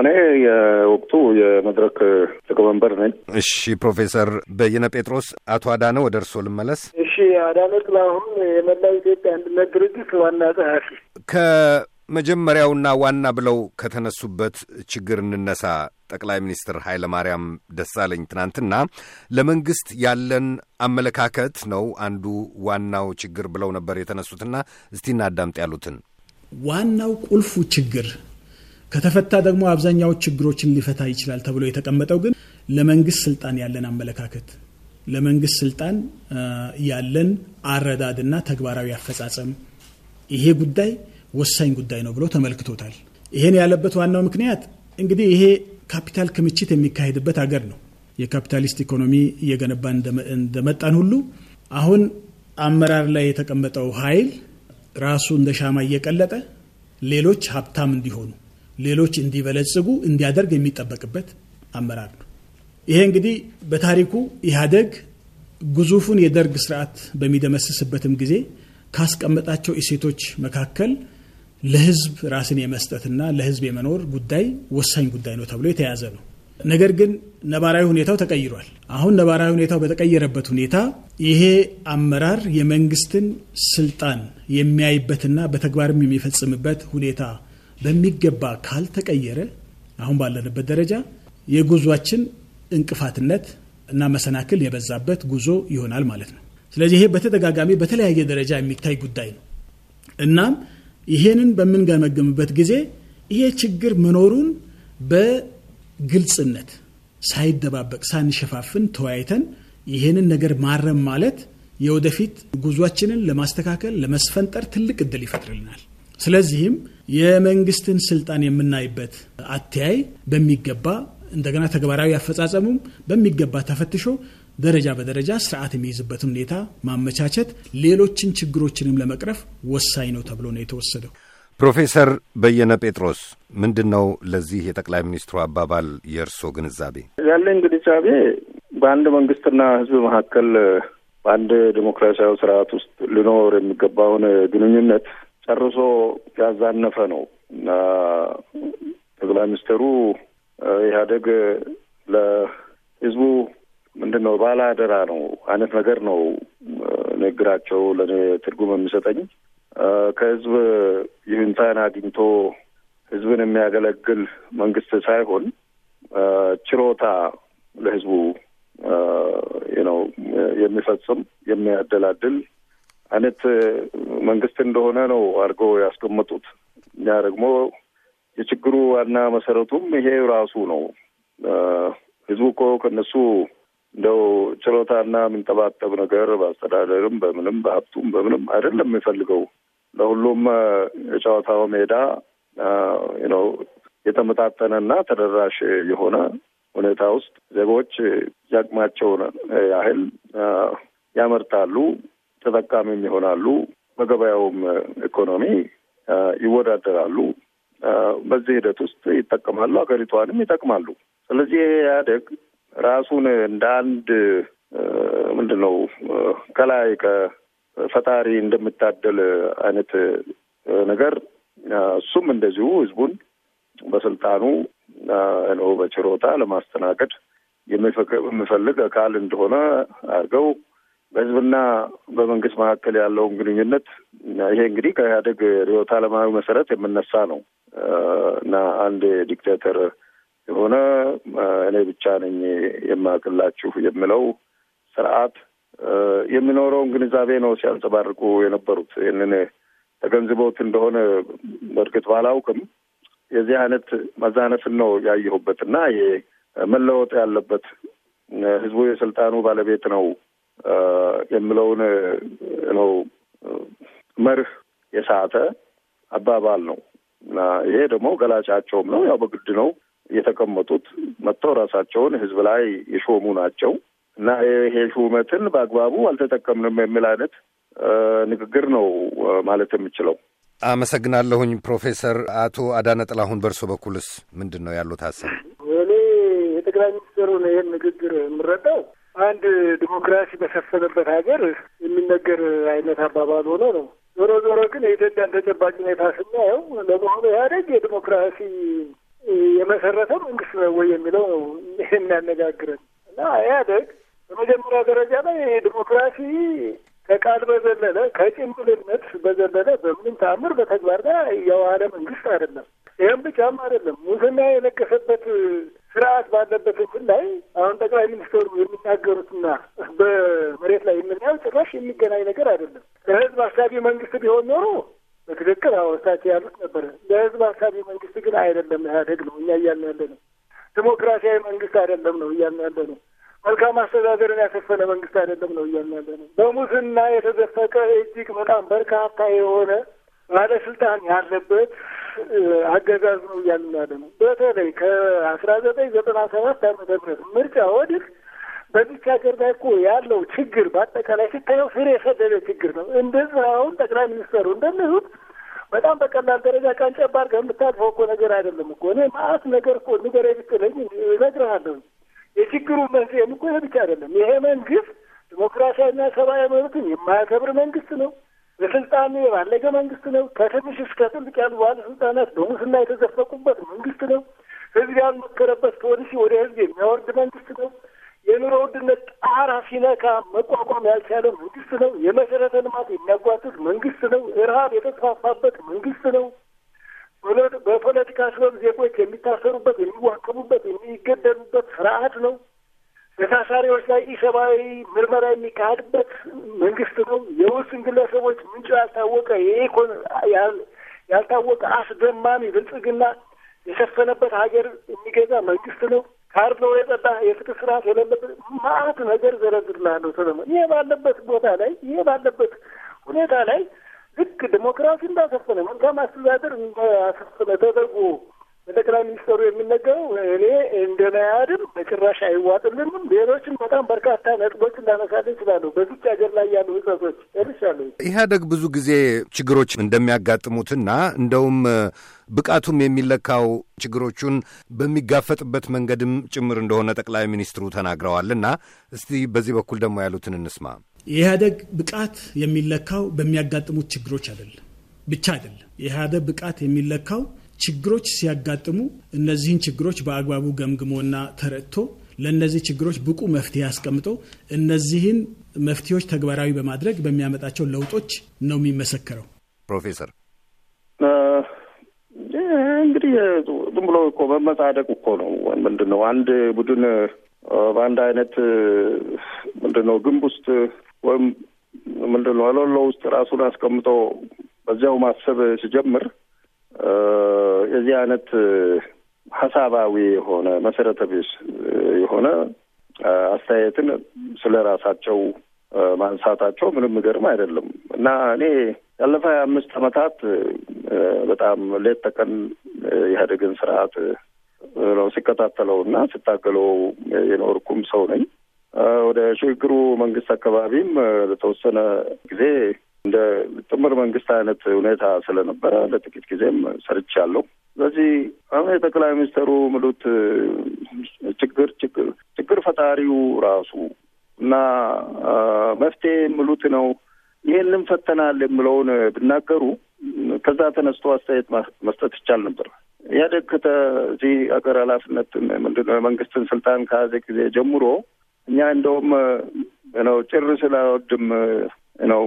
እኔ የወቅቱ የመድረክ ሊቀመንበር ነኝ። እሺ ፕሮፌሰር በየነ ጴጥሮስ፣ አቶ አዳነ ወደ እርስዎ ልመለስ። እሺ አዳነ ጥላሁን የመላው ኢትዮጵያ አንድነት ድርጅት ዋና ጸሐፊ ከ መጀመሪያውና ዋና ብለው ከተነሱበት ችግር እንነሳ። ጠቅላይ ሚኒስትር ኃይለ ማርያም ደሳለኝ ትናንትና ለመንግስት ያለን አመለካከት ነው አንዱ ዋናው ችግር ብለው ነበር የተነሱትና እስቲ እናዳምጥ ያሉትን። ዋናው ቁልፉ ችግር ከተፈታ ደግሞ አብዛኛው ችግሮችን ሊፈታ ይችላል ተብሎ የተቀመጠው ግን ለመንግስት ስልጣን ያለን አመለካከት ለመንግስት ስልጣን ያለን አረዳድና ተግባራዊ አፈጻጸም ይሄ ጉዳይ ወሳኝ ጉዳይ ነው ብሎ ተመልክቶታል። ይሄን ያለበት ዋናው ምክንያት እንግዲህ ይሄ ካፒታል ክምችት የሚካሄድበት አገር ነው። የካፒታሊስት ኢኮኖሚ እየገነባ እንደመጣን ሁሉ አሁን አመራር ላይ የተቀመጠው ኃይል ራሱ እንደ ሻማ እየቀለጠ ሌሎች ሀብታም እንዲሆኑ፣ ሌሎች እንዲበለጽጉ እንዲያደርግ የሚጠበቅበት አመራር ነው። ይሄ እንግዲህ በታሪኩ ኢህአደግ ግዙፉን የደርግ ስርዓት በሚደመስስበትም ጊዜ ካስቀመጣቸው እሴቶች መካከል ለህዝብ ራስን የመስጠትና ለህዝብ የመኖር ጉዳይ ወሳኝ ጉዳይ ነው ተብሎ የተያዘ ነው። ነገር ግን ነባራዊ ሁኔታው ተቀይሯል። አሁን ነባራዊ ሁኔታው በተቀየረበት ሁኔታ ይሄ አመራር የመንግስትን ስልጣን የሚያይበትና በተግባርም የሚፈጽምበት ሁኔታ በሚገባ ካልተቀየረ አሁን ባለንበት ደረጃ የጉዟችን እንቅፋትነት እና መሰናክል የበዛበት ጉዞ ይሆናል ማለት ነው። ስለዚህ ይሄ በተደጋጋሚ በተለያየ ደረጃ የሚታይ ጉዳይ ነው እናም ይሄንን በምንገመግምበት ጊዜ ይሄ ችግር መኖሩን በግልጽነት ሳይደባበቅ ሳንሸፋፍን ተወያይተን ይሄንን ነገር ማረም ማለት የወደፊት ጉዟችንን ለማስተካከል ለመስፈንጠር ትልቅ እድል ይፈጥርልናል። ስለዚህም የመንግስትን ስልጣን የምናይበት አተያይ በሚገባ እንደገና ተግባራዊ አፈጻጸሙም በሚገባ ተፈትሾ ደረጃ በደረጃ ስርዓት የሚይዝበትን ሁኔታ ማመቻቸት ሌሎችን ችግሮችንም ለመቅረፍ ወሳኝ ነው ተብሎ ነው የተወሰደው። ፕሮፌሰር በየነ ጴጥሮስ ምንድን ነው ለዚህ የጠቅላይ ሚኒስትሩ አባባል የእርስዎ ግንዛቤ? ያለኝ ግንዛቤ በአንድ መንግስትና ህዝብ መካከል በአንድ ዲሞክራሲያዊ ስርዓት ውስጥ ሊኖር የሚገባውን ግንኙነት ጨርሶ ያዛነፈ ነው እና ጠቅላይ ሚኒስትሩ ኢህአዴግ ለህዝቡ ምንድን ነው ባለ አደራ ነው አይነት ነገር ነው ንግግራቸው ለእኔ ትርጉም የሚሰጠኝ። ከህዝብ ይሁንታን አግኝቶ ህዝብን የሚያገለግል መንግስት ሳይሆን ችሮታ ለህዝቡ ነው የሚፈጽም የሚያደላድል አይነት መንግስት እንደሆነ ነው አድርገው ያስቀመጡት። እኛ ደግሞ የችግሩ ዋና መሰረቱም ይሄ ራሱ ነው። ህዝቡ እኮ ከነሱ እንደው ችሎታና የምንጠባጠብ ነገር በአስተዳደርም በምንም በሀብቱም በምንም አይደለም የሚፈልገው ለሁሉም የጨዋታው ሜዳ ነው የተመጣጠነና ተደራሽ የሆነ ሁኔታ ውስጥ ዜጎች ያቅማቸውን ያህል ያመርታሉ፣ ተጠቃሚም ይሆናሉ፣ በገበያውም ኢኮኖሚ ይወዳደራሉ። በዚህ ሂደት ውስጥ ይጠቀማሉ፣ ሀገሪቷንም ይጠቅማሉ። ስለዚህ ኢህአዴግ ራሱን እንደ አንድ ምንድን ነው ከላይ ከፈጣሪ እንደምታደል አይነት ነገር እሱም እንደዚሁ ህዝቡን በስልጣኑ ነው በችሮታ ለማስተናገድ የሚፈልግ አካል እንደሆነ አድርገው በህዝብና በመንግስት መካከል ያለውን ግንኙነት ይሄ እንግዲህ ከኢህአደግ ርዕዮተ ዓለማዊ መሰረት የምነሳ ነው እና አንድ ዲክቴተር የሆነ እኔ ብቻ ነኝ የማቅላችሁ የሚለው ስርዓት የሚኖረውን ግንዛቤ ነው ሲያንጸባርቁ የነበሩት። ይህንን ተገንዝቦት እንደሆነ በእርግጥ ባላውቅም የዚህ አይነት መዛነፍን ነው ያየሁበት እና ይሄ መለወጥ ያለበት ህዝቡ የስልጣኑ ባለቤት ነው የሚለውን ነው መርህ የሳተ አባባል ነው እና ይሄ ደግሞ ገላጫቸውም ነው ያው በግድ ነው የተቀመጡት መጥተው ራሳቸውን ህዝብ ላይ የሾሙ ናቸው እና ይሄ ሹመትን በአግባቡ አልተጠቀምንም የሚል አይነት ንግግር ነው ማለት የምችለው። አመሰግናለሁኝ ፕሮፌሰር አቶ አዳነ ጥላሁን በእርሶ በኩልስ ምንድን ነው ያሉት ሀሳብ? እኔ የጠቅላይ ሚኒስትሩን ይህን ንግግር የምረዳው አንድ ዲሞክራሲ በሰፈነበት ሀገር የሚነገር አይነት አባባል ሆኖ ነው። ዞሮ ዞሮ ግን የኢትዮጵያን ተጨባጭ ሁኔታ ስናየው ለመሆኑ ኢህአዴግ የዲሞክራሲ የመሰረተው መንግስት ነው ወይ የሚለው ነው የሚያነጋግረን እና ኢህአዴግ በመጀመሪያ ደረጃ ላይ ዲሞክራሲ ከቃል በዘለለ ከጭምብልነት በዘለለ በምን ተአምር በተግባር ጋር የዋለ መንግስት አይደለም። ይህም ብቻም አይደለም። ሙስና የነገሰበት ስርዓት ባለበት እንትን ላይ አሁን ጠቅላይ ሚኒስትሩ የሚናገሩትና በመሬት ላይ የምናየው ጭራሽ የሚገናኝ ነገር አይደለም። ለህዝብ አሳቢ መንግስት ቢሆን ኖሮ በትክክል አሁን እሳቸው ያሉት ነበር። ለህዝብ አሳቢ መንግስት ግን አይደለም ኢህአዴግ ነው እኛ እያልን ያለ ነው። ዲሞክራሲያዊ መንግስት አይደለም ነው እያልን ያለ ነው። መልካም አስተዳደርን ያሰፈነ መንግስት አይደለም ነው እያልን ያለ ነው። በሙስና የተዘፈቀ እጅግ በጣም በርካታ የሆነ ባለስልጣን ያለበት አገዛዝ ነው እያልን ያለ ነው። በተለይ ከአስራ ዘጠኝ ዘጠና ሰባት አመተ ምህረት ምርጫ ወዲህ በዚች ሀገር ላይ እኮ ያለው ችግር በአጠቃላይ ሲታየው ስር የሰደደ ችግር ነው። እንደዚህ አሁን ጠቅላይ ሚኒስትሩ እንደሚሉት በጣም በቀላል ደረጃ ቀንጨባር ከምታልፈው እኮ ነገር አይደለም እኮ እኔ ማአት ነገር እኮ ንገረኝ ብትለኝ እነግርሃለሁ። የችግሩ መንስኤም እኮ ብቻ አይደለም። ይሄ መንግስት ዲሞክራሲያዊና ሰብአዊ መብትን የማያከብር መንግስት ነው። በስልጣን የባለገ መንግስት ነው። ከትንሽ እስከ ትልቅ ያሉ ባለስልጣናት በሙስና የተዘፈቁበት መንግስት ነው። ህዝብ ያልመከረበት ፖሊሲ ወደ ህዝብ የሚያወርድ መንግስት ነው። የኑሮ ውድነት ጣራ ሲነካ መቋቋም ያልቻለ መንግስት ነው። የመሰረተ ልማት የሚያጓትት መንግስት ነው። እርሃብ የተስፋፋበት መንግስት ነው። በፖለቲካ ስበብ ዜጎች የሚታሰሩበት፣ የሚዋከቡበት፣ የሚገደሉበት ስርዓት ነው። በታሳሪዎች ላይ ኢሰብአዊ ምርመራ የሚካሄድበት መንግስት ነው። የውስን ግለሰቦች ምንጩ ያልታወቀ የኢኮን ያልታወቀ አስደማሚ ብልጽግና የሸፈነበት ሀገር የሚገዛ መንግስት ነው። ካርለው የጠጣ የፍትህ ስርዓት የሌለበት ማአት ነገር ዘረዝርልሃለሁ ሰለሞን። ይሄ ባለበት ቦታ ላይ ይሄ ባለበት ሁኔታ ላይ ልክ ዲሞክራሲ እንዳሰፈነ መልካም አስተዳደር እንዳሰፈነ ተደርጎ ለጠቅላይ ሚኒስትሩ የሚነገረው እኔ እንደናያድም በጭራሽ አይዋጥልንም። ሌሎችም በጣም በርካታ ነጥቦች ላነሳት ይችላሉ። በዚች ሀገር ላይ ያሉ ህጸቶች ጨርሻለሁ። ኢህአደግ ብዙ ጊዜ ችግሮች እንደሚያጋጥሙትና እንደውም ብቃቱም የሚለካው ችግሮቹን በሚጋፈጥበት መንገድም ጭምር እንደሆነ ጠቅላይ ሚኒስትሩ ተናግረዋል። እና እስቲ በዚህ በኩል ደግሞ ያሉትን እንስማ። የኢህአደግ ብቃት የሚለካው በሚያጋጥሙት ችግሮች አይደለም ብቻ አይደለም። የኢህአደግ ብቃት የሚለካው ችግሮች ሲያጋጥሙ እነዚህን ችግሮች በአግባቡ ገምግሞና ተረድቶ ለእነዚህ ችግሮች ብቁ መፍትሄ አስቀምጦ እነዚህን መፍትሄዎች ተግባራዊ በማድረግ በሚያመጣቸው ለውጦች ነው የሚመሰከረው። ፕሮፌሰር እንግዲህ ዝም ብሎ እኮ መመጻደቅ እኮ ነው። ምንድን ነው አንድ ቡድን በአንድ አይነት ምንድን ነው ግንብ ውስጥ ወይም ምንድን ነው ውስጥ ራሱን አስቀምጦ በዚያው ማሰብ ሲጀምር የዚህ አይነት ሀሳባዊ የሆነ መሰረተ ቢስ የሆነ አስተያየትን ስለ ራሳቸው ማንሳታቸው ምንም ምገርም አይደለም እና እኔ ያለፈ ሀያ አምስት ዓመታት በጣም ሌት ተቀን ኢህአዴግን ስርዓት ነው ሲከታተለው እና ስታገለው የኖርኩም ሰው ነኝ። ወደ ሽግግሩ መንግስት አካባቢም ለተወሰነ ጊዜ እንደ ጥምር መንግስት አይነት ሁኔታ ስለነበረ ለጥቂት ጊዜም ሰርቻለሁ። ስለዚህ አሁን የጠቅላይ ሚኒስትሩ ምሉት ችግር ችግር ችግር ፈጣሪው ራሱ እና መፍትሄ ምሉት ነው። ይህንም ፈተናል የምለውን ብናገሩ ከዛ ተነስቶ አስተያየት መስጠት ይቻል ነበር። ኢህአዴግ ከዚህ ሀገር ኃላፊነትን ምንድነው የመንግስትን ስልጣን ከያዘ ጊዜ ጀምሮ እኛ እንደውም ነው ጭር ስለወድም ነው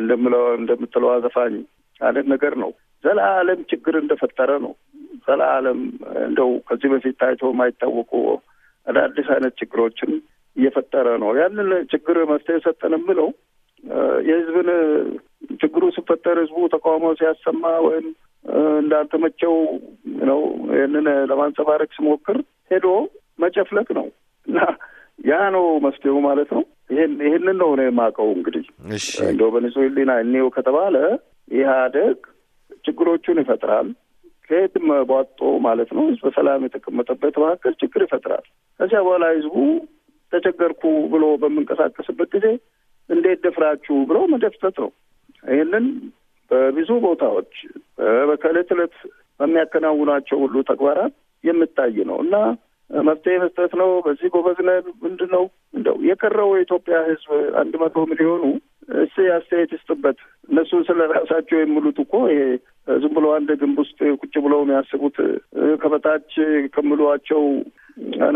እንደምለው እንደምትለው ዘፋኝ አይነት ነገር ነው። ዘላለም ችግር እንደፈጠረ ነው። ዘላለም እንደው ከዚህ በፊት ታይቶ የማይታወቁ አዳዲስ አይነት ችግሮችን እየፈጠረ ነው። ያንን ችግር መፍትሄ የሰጠን የምለው የህዝብን ችግሩ ሲፈጠር ህዝቡ ተቃውሞ ሲያሰማ ወይም እንዳልተመቸው ነው ይህንን ለማንጸባረቅ ሲሞክር ሄዶ መጨፍለቅ ነው እና ያ ነው መፍትሄው ማለት ነው። ይህን ይህንን ነው ነው የማውቀው። እንግዲህ እንደ በንጹህ እኒው ከተባለ ኢህአደግ ችግሮቹን ይፈጥራል ከየትም ቧጦ ማለት ነው ህዝብ በሰላም የተቀመጠበት መካከል ችግር ይፈጥራል። ከዚያ በኋላ ህዝቡ ተቸገርኩ ብሎ በምንቀሳቀስበት ጊዜ እንዴት ደፍራችሁ ብሎ መደፍተት ነው። ይህንን በብዙ ቦታዎች በከዕለት ዕለት በሚያከናውናቸው ሁሉ ተግባራት የምታይ ነው እና መፍትሄ መስጠት ነው። በዚህ ጎበዝነን ምንድን ነው እንደው የቀረው የኢትዮጵያ ህዝብ አንድ መቶ ሚሊዮኑ እስ አስተያየት ይስጥበት። እነሱ ስለ ራሳቸው የሚሉት እኮ ይሄ ዝም ብሎ አንድ ግንብ ውስጥ ቁጭ ብለው የሚያስቡት ከበታች ከምሏቸው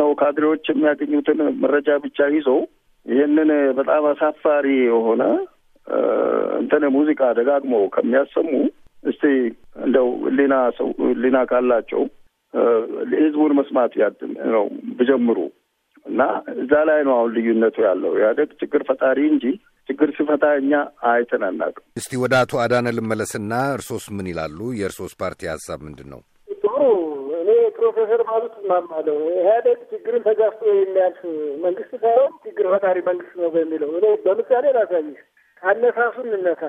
ነው ካድሬዎች የሚያገኙትን መረጃ ብቻ ይዘው ይህንን በጣም አሳፋሪ የሆነ እንትን ሙዚቃ ደጋግመው ከሚያሰሙ እስቲ እንደው ህሊና ሰው ህሊና ካላቸው ህዝቡን መስማት ነው ብጀምሩ እና እዛ ላይ ነው አሁን ልዩነቱ ያለው። ኢህአዴግ ችግር ፈጣሪ እንጂ ችግር ሲፈታ እኛ አይተን አናውቅም። እስቲ ወደ አቶ አዳነ ልመለስና እርሶስ ምን ይላሉ? የእርሶስ ፓርቲ ሀሳብ ምንድን ነው? ጥሩ እኔ ፕሮፌሰር ማሉት እስማማለሁ። ኢህአዴግ ችግርን ተጋፍጦ የሚያልፍ መንግስት ሳይሆን ችግር ፈጣሪ መንግስት ነው በሚለው እኔ በምሳሌ ላሳይሽ። አነሳሱን እነሳ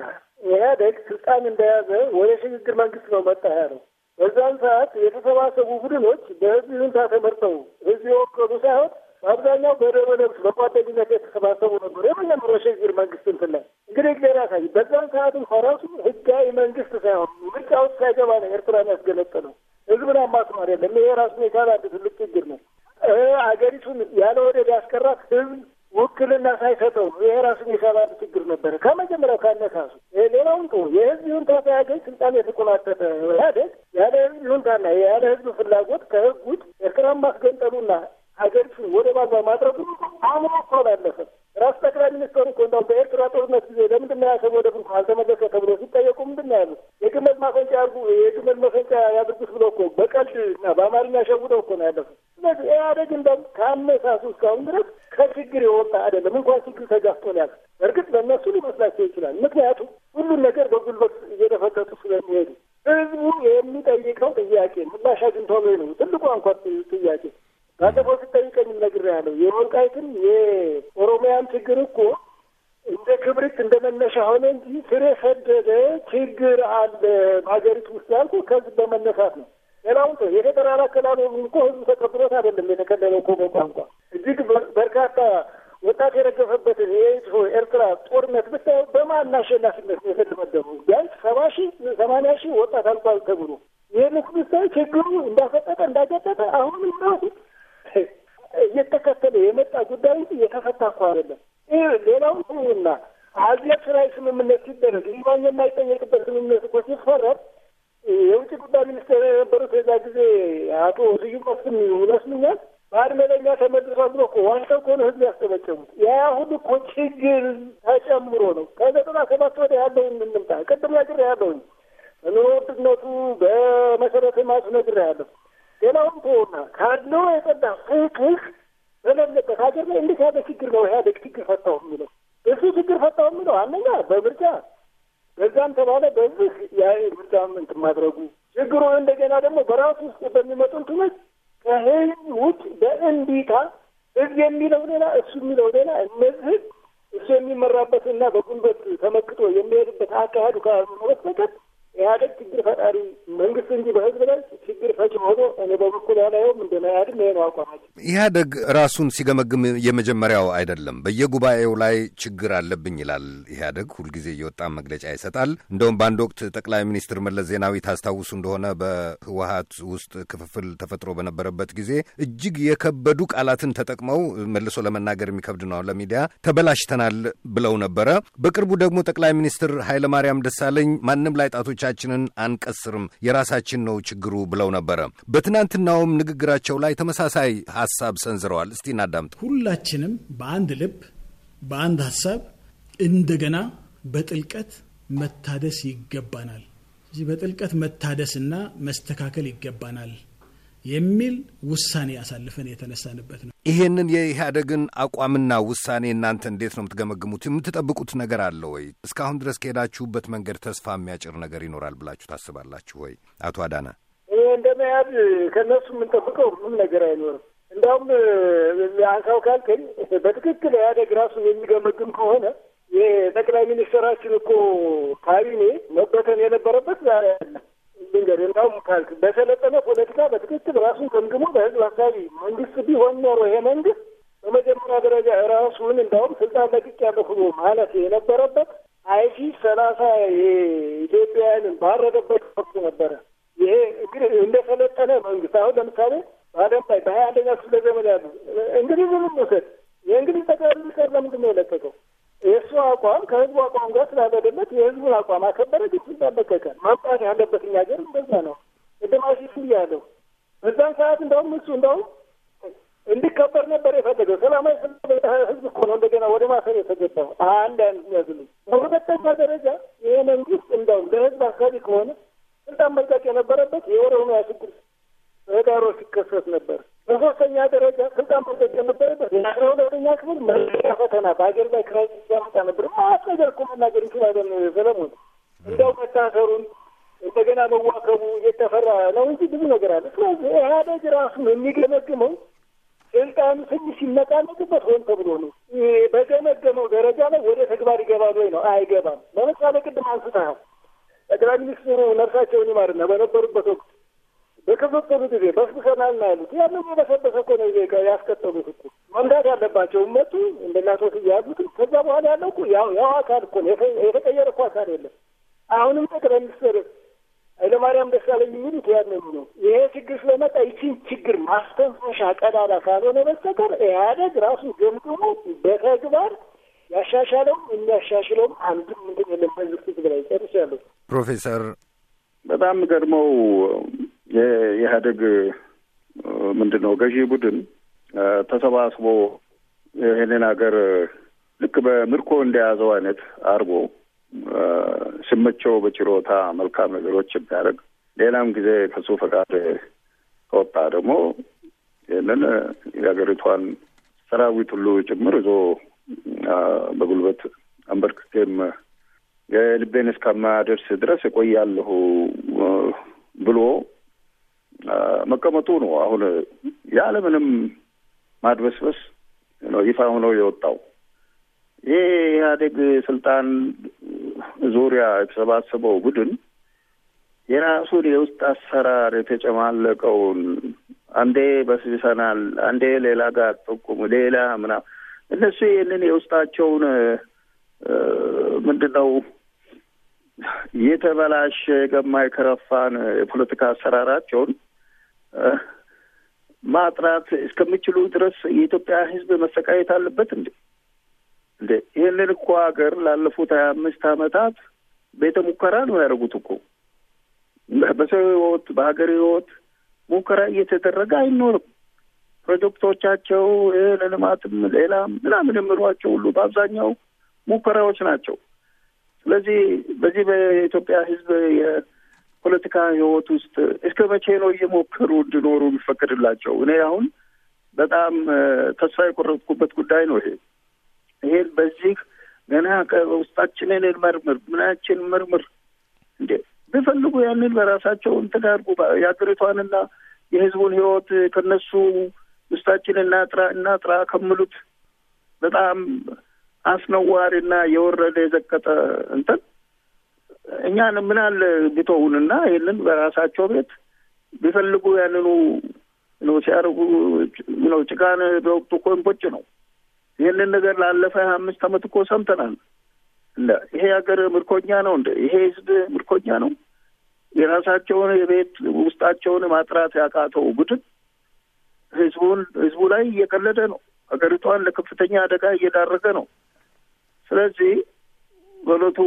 ኢህአዴግ ስልጣን እንደያዘ ወደ ሽግግር መንግስት ነው መጣ ያለው በዛን ሰዓት የተሰባሰቡ ቡድኖች በህዝብ ይሁንታ ተመርጠው ህዝብ የወከሉ ሳይሆን በአብዛኛው በደመ ነፍስ በጓደኝነት የተሰባሰቡ ነበሩ። የመጀመሪያው ሸግግር መንግስት እንትን ላይ እንግዲህ እግዜር ያሳይ። በዛን ሰዓት እንኳ ራሱ ህጋዊ መንግስት ሳይሆን ምርጫ ውስጥ ሳይገባ ነው ኤርትራን ያስገነጠለው። ህዝብን አማስማር የለም። ይሄ ራሱ የቻለ አንድ ትልቅ ችግር ነው። አገሪቱን ያለ ወደድ ያስቀራት ህዝብ ውክልና ሳይሰጠው ነው። ይሄ ራሱን የቻለ አንድ ችግር ነበረ ከመጀመሪያው ካነሳሱ። ሌላውን ጥሩ የህዝብ ይሁንታ ሳያገኝ ስልጣን የተቆናጠጠ ኢህአዴግ ያለ ይሁንታና ያለ ህዝብ ፍላጎት ከህግ ውጭ ኤርትራን ማስገንጠሉና ሀገሪቱን ወደ ባዛ ማድረጉ አምሮ እኮ አላለፈም። ራሱ ጠቅላይ ሚኒስትሩ እኮ እንዳው በኤርትራ ጦርነት ጊዜ ለምንድን ነው ያሰብ ወደብ እንኳ አልተመለሰ ተብሎ ሲጠየቁ ምንድን ነው ያሉት? የግመል ማፈንጫ ያርጉ የግመል መፈንጫ ያድርጉት ብሎ እኮ በቀልድ እና በአማርኛ ሸውደው እኮ ነው ያለፉት። ስለዚህ ኢህአዴግ እንደም ከአነሳሱ እስካሁን ድረስ ከችግር የወጣ አይደለም። እንኳን ችግር ተጋፍጦ ነው ያሉት። በእርግጥ በእነሱ ሊመስላቸው ይችላል። ምክንያቱም ጥያቄ ምላሽ አግኝቶ ነው ትልቁ አንኳ ጥያቄ። ባለፈው ስጠይቀኝ ነግሬሃለሁ። የወልቃይትን የኦሮሚያን ችግር እኮ እንደ ክብሪት እንደ መነሻ ሆነ እንጂ ስር የሰደደ ችግር አለ ሀገሪቱ ውስጥ ያልኩ ከዚህ በመነሳት ነው። ሌላውን ሰው የተጠራራ አከላሉ እኮ ህዝቡ ተቀብሎት አይደለም የተከለለው እኮ በቋንቋ እጅግ በርካታ ወጣት የረገፈበትን የኢትዮ ኤርትራ ጦርነት ብታየው በማን አሸናፊነት ነው የተደመደመው? ቢያንስ ሰባ ሺህ ሰማንያ ሺህ ወጣት አልቋል ተብሎ የንክብሳ ችግሩ እንዳፈጠጠ እንዳገጠጠ አሁንም ራሱ እየተከተለ የመጣ ጉዳይ እንጂ የተፈታ እኮ አይደለም። ይህ ሌላው ሁና አዚያ ስራዊ ስምምነት ሲደረግ ሊባን የማይጠየቅበት ስምምነት እኮ ሲፈረድ የውጭ ጉዳይ ሚኒስቴር የነበሩት የዛ ጊዜ አቶ ስዩም መስፍን ይመስሉኛል በአድሜ ለኛ ተመልሷል ብሎ እኮ ዋሽተው ከሆነ ህዝብ ያስጨበጨቡት ያ ሁሉ እኮ ችግር ተጨምሮ ነው። ከዘጠና ሰባት ወደ ያለውን እንምጣ ቅድም ያግር ያለውኝ ኑሮ ውድነቱ በመሰረተ ማስነግር ያለሁ ሌላውም ከሆና ካለው የጸዳ ፍቅህ በሌለበት ሀገር ላይ እንዴት ያለ ችግር ነው ኢህአዴግ ችግር ፈታው የሚለው? እሱ ችግር ፈታው የሚለው አንደኛ በምርጫ በዛም ተባለ በዚህ ምርጫም እንትን ማድረጉ ችግሩ እንደገና ደግሞ በራሱ ውስጥ በሚመጡ እንትኖች ከህዝብ ውጭ በእንዲታ ህዝብ የሚለው ሌላ እሱ የሚለው ሌላ እነዚህ እሱ የሚመራበት እና በጉልበት ተመክቶ የሚሄድበት አካሄዱ ካልሆነ በስተቀር ኢህአዴግ ችግር ፈጣሪ መንግስት እንጂ በህዝብ ላይ ችግር ፈች ሆኖ እኔ በበኩል ያላየውም እንደመያድም ይሄ ነው አቋማቸው። ኢህአዴግ ራሱን ሲገመግም የመጀመሪያው አይደለም። በየጉባኤው ላይ ችግር አለብኝ ይላል ኢህአዴግ። ሁልጊዜ እየወጣ መግለጫ ይሰጣል። እንደውም በአንድ ወቅት ጠቅላይ ሚኒስትር መለስ ዜናዊ ታስታውሱ እንደሆነ በህወሀት ውስጥ ክፍፍል ተፈጥሮ በነበረበት ጊዜ እጅግ የከበዱ ቃላትን ተጠቅመው መልሶ ለመናገር የሚከብድ ነው ለሚዲያ ተበላሽተናል ብለው ነበረ። በቅርቡ ደግሞ ጠቅላይ ሚኒስትር ኃይለማርያም ደሳለኝ ማንም ላይ ጣቶች ችግሮቻችንን አንቀስርም የራሳችን ነው ችግሩ ብለው ነበረ። በትናንትናውም ንግግራቸው ላይ ተመሳሳይ ሀሳብ ሰንዝረዋል። እስቲ እናዳምጥ። ሁላችንም በአንድ ልብ፣ በአንድ ሀሳብ እንደገና በጥልቀት መታደስ ይገባናል። በጥልቀት መታደስና መስተካከል ይገባናል የሚል ውሳኔ አሳልፈን የተነሳንበት ነው። ይሄንን የኢህአደግን አቋምና ውሳኔ እናንተ እንዴት ነው የምትገመግሙት? የምትጠብቁት ነገር አለ ወይ? እስካሁን ድረስ ከሄዳችሁበት መንገድ ተስፋ የሚያጭር ነገር ይኖራል ብላችሁ ታስባላችሁ ወይ? አቶ አዳና፣ እንደ መያድ ከእነሱ የምንጠብቀው ምንም ነገር አይኖርም። እንዲያውም አንሳው ካልከኝ በትክክል ኢህአደግ ራሱ የሚገመግም ከሆነ የጠቅላይ ሚኒስትራችን እኮ ካቢኔ መበተን የነበረበት ዛሬ አይደለም ልንገድ እንዳውም ካልክ በሰለጠነ ፖለቲካ በትክክል ራሱን ገምግሞ በህዝብ አሳቢ መንግስት ቢሆን ኖሮ ይሄ መንግስት በመጀመሪያ ደረጃ ራሱን እንዳውም ስልጣን ለቅቅ ያለሁ ብሎ ማለት የነበረበት አይሲ ሰላሳ ኢትዮጵያውያንን ባረደበት ወቅት ነበረ። ይሄ እንግዲህ እንደሰለጠነ መንግስት አሁን ለምሳሌ በዓለም ላይ በሀያ አንደኛ ክፍለ ዘመን ያሉ እንግሊዝንም ውሰድ። የእንግሊዝ ጠቅላይ ሚኒስትር ለምንድን ነው የለቀቀው? የእሱ አቋም ከህዝቡ አቋም ጋር ስላልሄደለት የህዝቡን አቋም አከበረ። ግጭት አበቀቀ። መምጣት ያለበት እኛ ሀገር እንደዛ ነው። ቅድማሽ ያለው በዛን ሰዓት እንደውም እሱ እንደውም እንዲከበር ነበር የፈለገው። ሰላማዊ ህዝብ እኮ ነው እንደገና ወደ ማሰር የተገባው። አንድ አንድ ያዝሉ። በሁለተኛ ደረጃ ይህ መንግስት እንደውም ለህዝብ አካባቢ ከሆነ ስልጣን መልቀቅ የነበረበት የኦሮሚያ ችግር በህዳሮ ሲከሰት ነበር። በሶስተኛ ደረጃ ስልጣን መውሰድ የነበረበት የአስራ ለሁለተኛ ክፍል መልቀቂያ ፈተና በሀገር ላይ ክራይ ያመጣ ነበር። ማት ነገር እኮ መናገር እንችላለን። ሰለሞን እንዲያው መታሰሩን እንደገና መዋከቡ እየተፈራ ነው እንጂ ብዙ ነገር አለ። ስለዚህ ኢህአዴግ ራሱን የሚገመግመው ስልጣኑ ትንሽ ሲነቃነቅበት ሆን ተብሎ ነው። በገመገመው ደረጃ ላይ ወደ ተግባር ይገባል ወይ ነው? አይገባም። ለምሳሌ ቅድም አንስተሃል ጠቅላይ ሚኒስትሩ ነፍሳቸውን ይማርና በነበሩበት ወቅት በከፈጠሉት ጊዜ በስብሰናል ና ያሉት ያን የበሰበሰ እኮ ነው ያስከተሉት እኮ መምዳት ያለባቸው መጡ። እንደ እናቶት ያሉትም ከዛ በኋላ ያለው እኮ ያው ያው አካል እኮ ነው የተቀየረ እኮ አካል የለም። አሁንም ጠቅላይ ሚኒስትር ኃይለማርያም ደሳለኝ የሚሉት ያንኑ ነው። ይሄ ችግር ስለመጣ ይችን ችግር ማስተንፈሻ ቀዳዳ ካልሆነ በስተቀር ኢህአዴግ ራሱ ገምግሞ በተግባር ያሻሻለው የሚያሻሽለውም አንድም ምንድን የለም። በዚህ ፊት በላይ ጨርሻለሁ። ፕሮፌሰር በጣም ገድመው የኢህአደግ ምንድን ነው ገዢ ቡድን ተሰባስቦ ይህንን ሀገር ልክ በምርኮ እንደያዘው አይነት አድርጎ ሲመቸው በችሮታ መልካም ነገሮች የሚያደርግ ሌላም ጊዜ ከሱ ፈቃድ ከወጣ ደግሞ ይህንን የሀገሪቷን ሰራዊት ሁሉ ጭምር ይዞ በጉልበት አንበርክቴም የልቤን እስከማደርስ ድረስ እቆያለሁ ብሎ መቀመጡ ነው። አሁን ያለምንም ማድበስበስ ይፋ ሆኖ የወጣው ይሄ ኢህአዴግ ስልጣን ዙሪያ የተሰባሰበው ቡድን የራሱን የውስጥ አሰራር የተጨማለቀውን አንዴ በስብሰናል፣ አንዴ ሌላ ጋር ጠቁሙ፣ ሌላ ምና እነሱ ይህንን የውስጣቸውን ምንድን ነው የተበላሸ የገማ የከረፋን የፖለቲካ አሰራራቸውን ማጥራት እስከሚችሉ ድረስ የኢትዮጵያ ሕዝብ መሰቃየት አለበት እንዴ? እንዴ ይህንን እኮ ሀገር ላለፉት ሀያ አምስት አመታት ቤተ ሙከራ ነው ያደረጉት እኮ በሰው ህይወት በሀገር ህይወት ሙከራ እየተደረገ አይኖርም። ፕሮጀክቶቻቸው ለልማትም ሌላም ምናምን የምሏቸው ሁሉ በአብዛኛው ሙከራዎች ናቸው። ስለዚህ በዚህ በኢትዮጵያ ህዝብ የፖለቲካ ህይወት ውስጥ እስከ መቼ ነው እየሞከሩ እንዲኖሩ የሚፈቅድላቸው? እኔ አሁን በጣም ተስፋ የቆረጥኩበት ጉዳይ ነው ይሄ ይሄን በዚህ ገና ከውስጣችንን እንመርምር ምናችን ምርምር እንዴ ቢፈልጉ ያንን በራሳቸው እንትን ያድርጉ። የሀገሪቷንና የህዝቡን ህይወት ከነሱ ውስጣችን እናጥራ እናጥራ ከምሉት በጣም አስነዋሪና የወረደ የዘቀጠ እንትን እኛን ምናል ቢተውንና ይህንን በራሳቸው ቤት ቢፈልጉ ያንኑ ነው ሲያደርጉ ነው። ጭቃን በወቅቱ እኮ እንቦጭ ነው። ይህንን ነገር ላለፈ አምስት ዓመት እኮ ሰምተናል። ይሄ ሀገር ምርኮኛ ነው እንደ ይሄ ህዝብ ምርኮኛ ነው። የራሳቸውን የቤት ውስጣቸውን ማጥራት ያቃተው ቡድን ህዝቡን ህዝቡ ላይ እየቀለደ ነው። ሀገሪቷን ለከፍተኛ አደጋ እየዳረገ ነው። ስለዚህ በእለቱ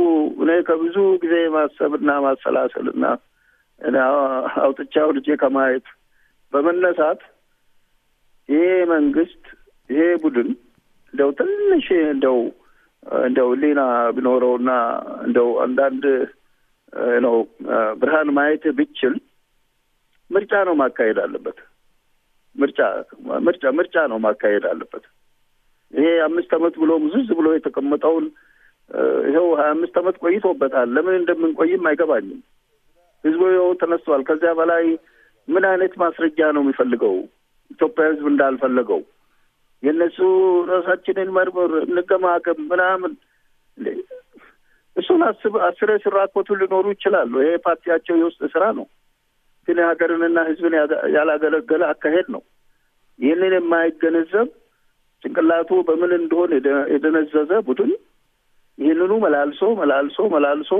እኔ ከብዙ ጊዜ ማሰብና ማሰላሰልና አውጥቻ አውርጄ ከማየት በመነሳት ይሄ መንግስት ይሄ ቡድን እንደው ትንሽ እንደው እንደው ሊና ቢኖረውና እንደው አንዳንድ ነው ብርሃን ማየት ብችል ምርጫ ነው ማካሄድ አለበት። ምርጫ ምርጫ ምርጫ ነው ማካሄድ አለበት። ይሄ አምስት አመት ብሎ ምዝዝ ብሎ የተቀመጠውን ይኸው ሀያ አምስት ዓመት ቆይቶበታል። ለምን እንደምንቆይም አይገባኝም። ህዝቡ ይኸው ተነስቷል። ከዚያ በላይ ምን አይነት ማስረጃ ነው የሚፈልገው? ኢትዮጵያ ህዝብ እንዳልፈለገው የእነሱ ራሳችንን መርምር እንገማገም ምናምን እሱን አስብ አስረ ሲራኮቱ ሊኖሩ ይችላሉ። ይሄ ፓርቲያቸው የውስጥ ስራ ነው። ግን ሀገርንና ህዝብን ያላገለገለ አካሄድ ነው። ይህንን የማይገነዘብ ጭንቅላቱ በምን እንደሆን የደነዘዘ ቡድን ይህንኑ መላልሶ መላልሶ መላልሶ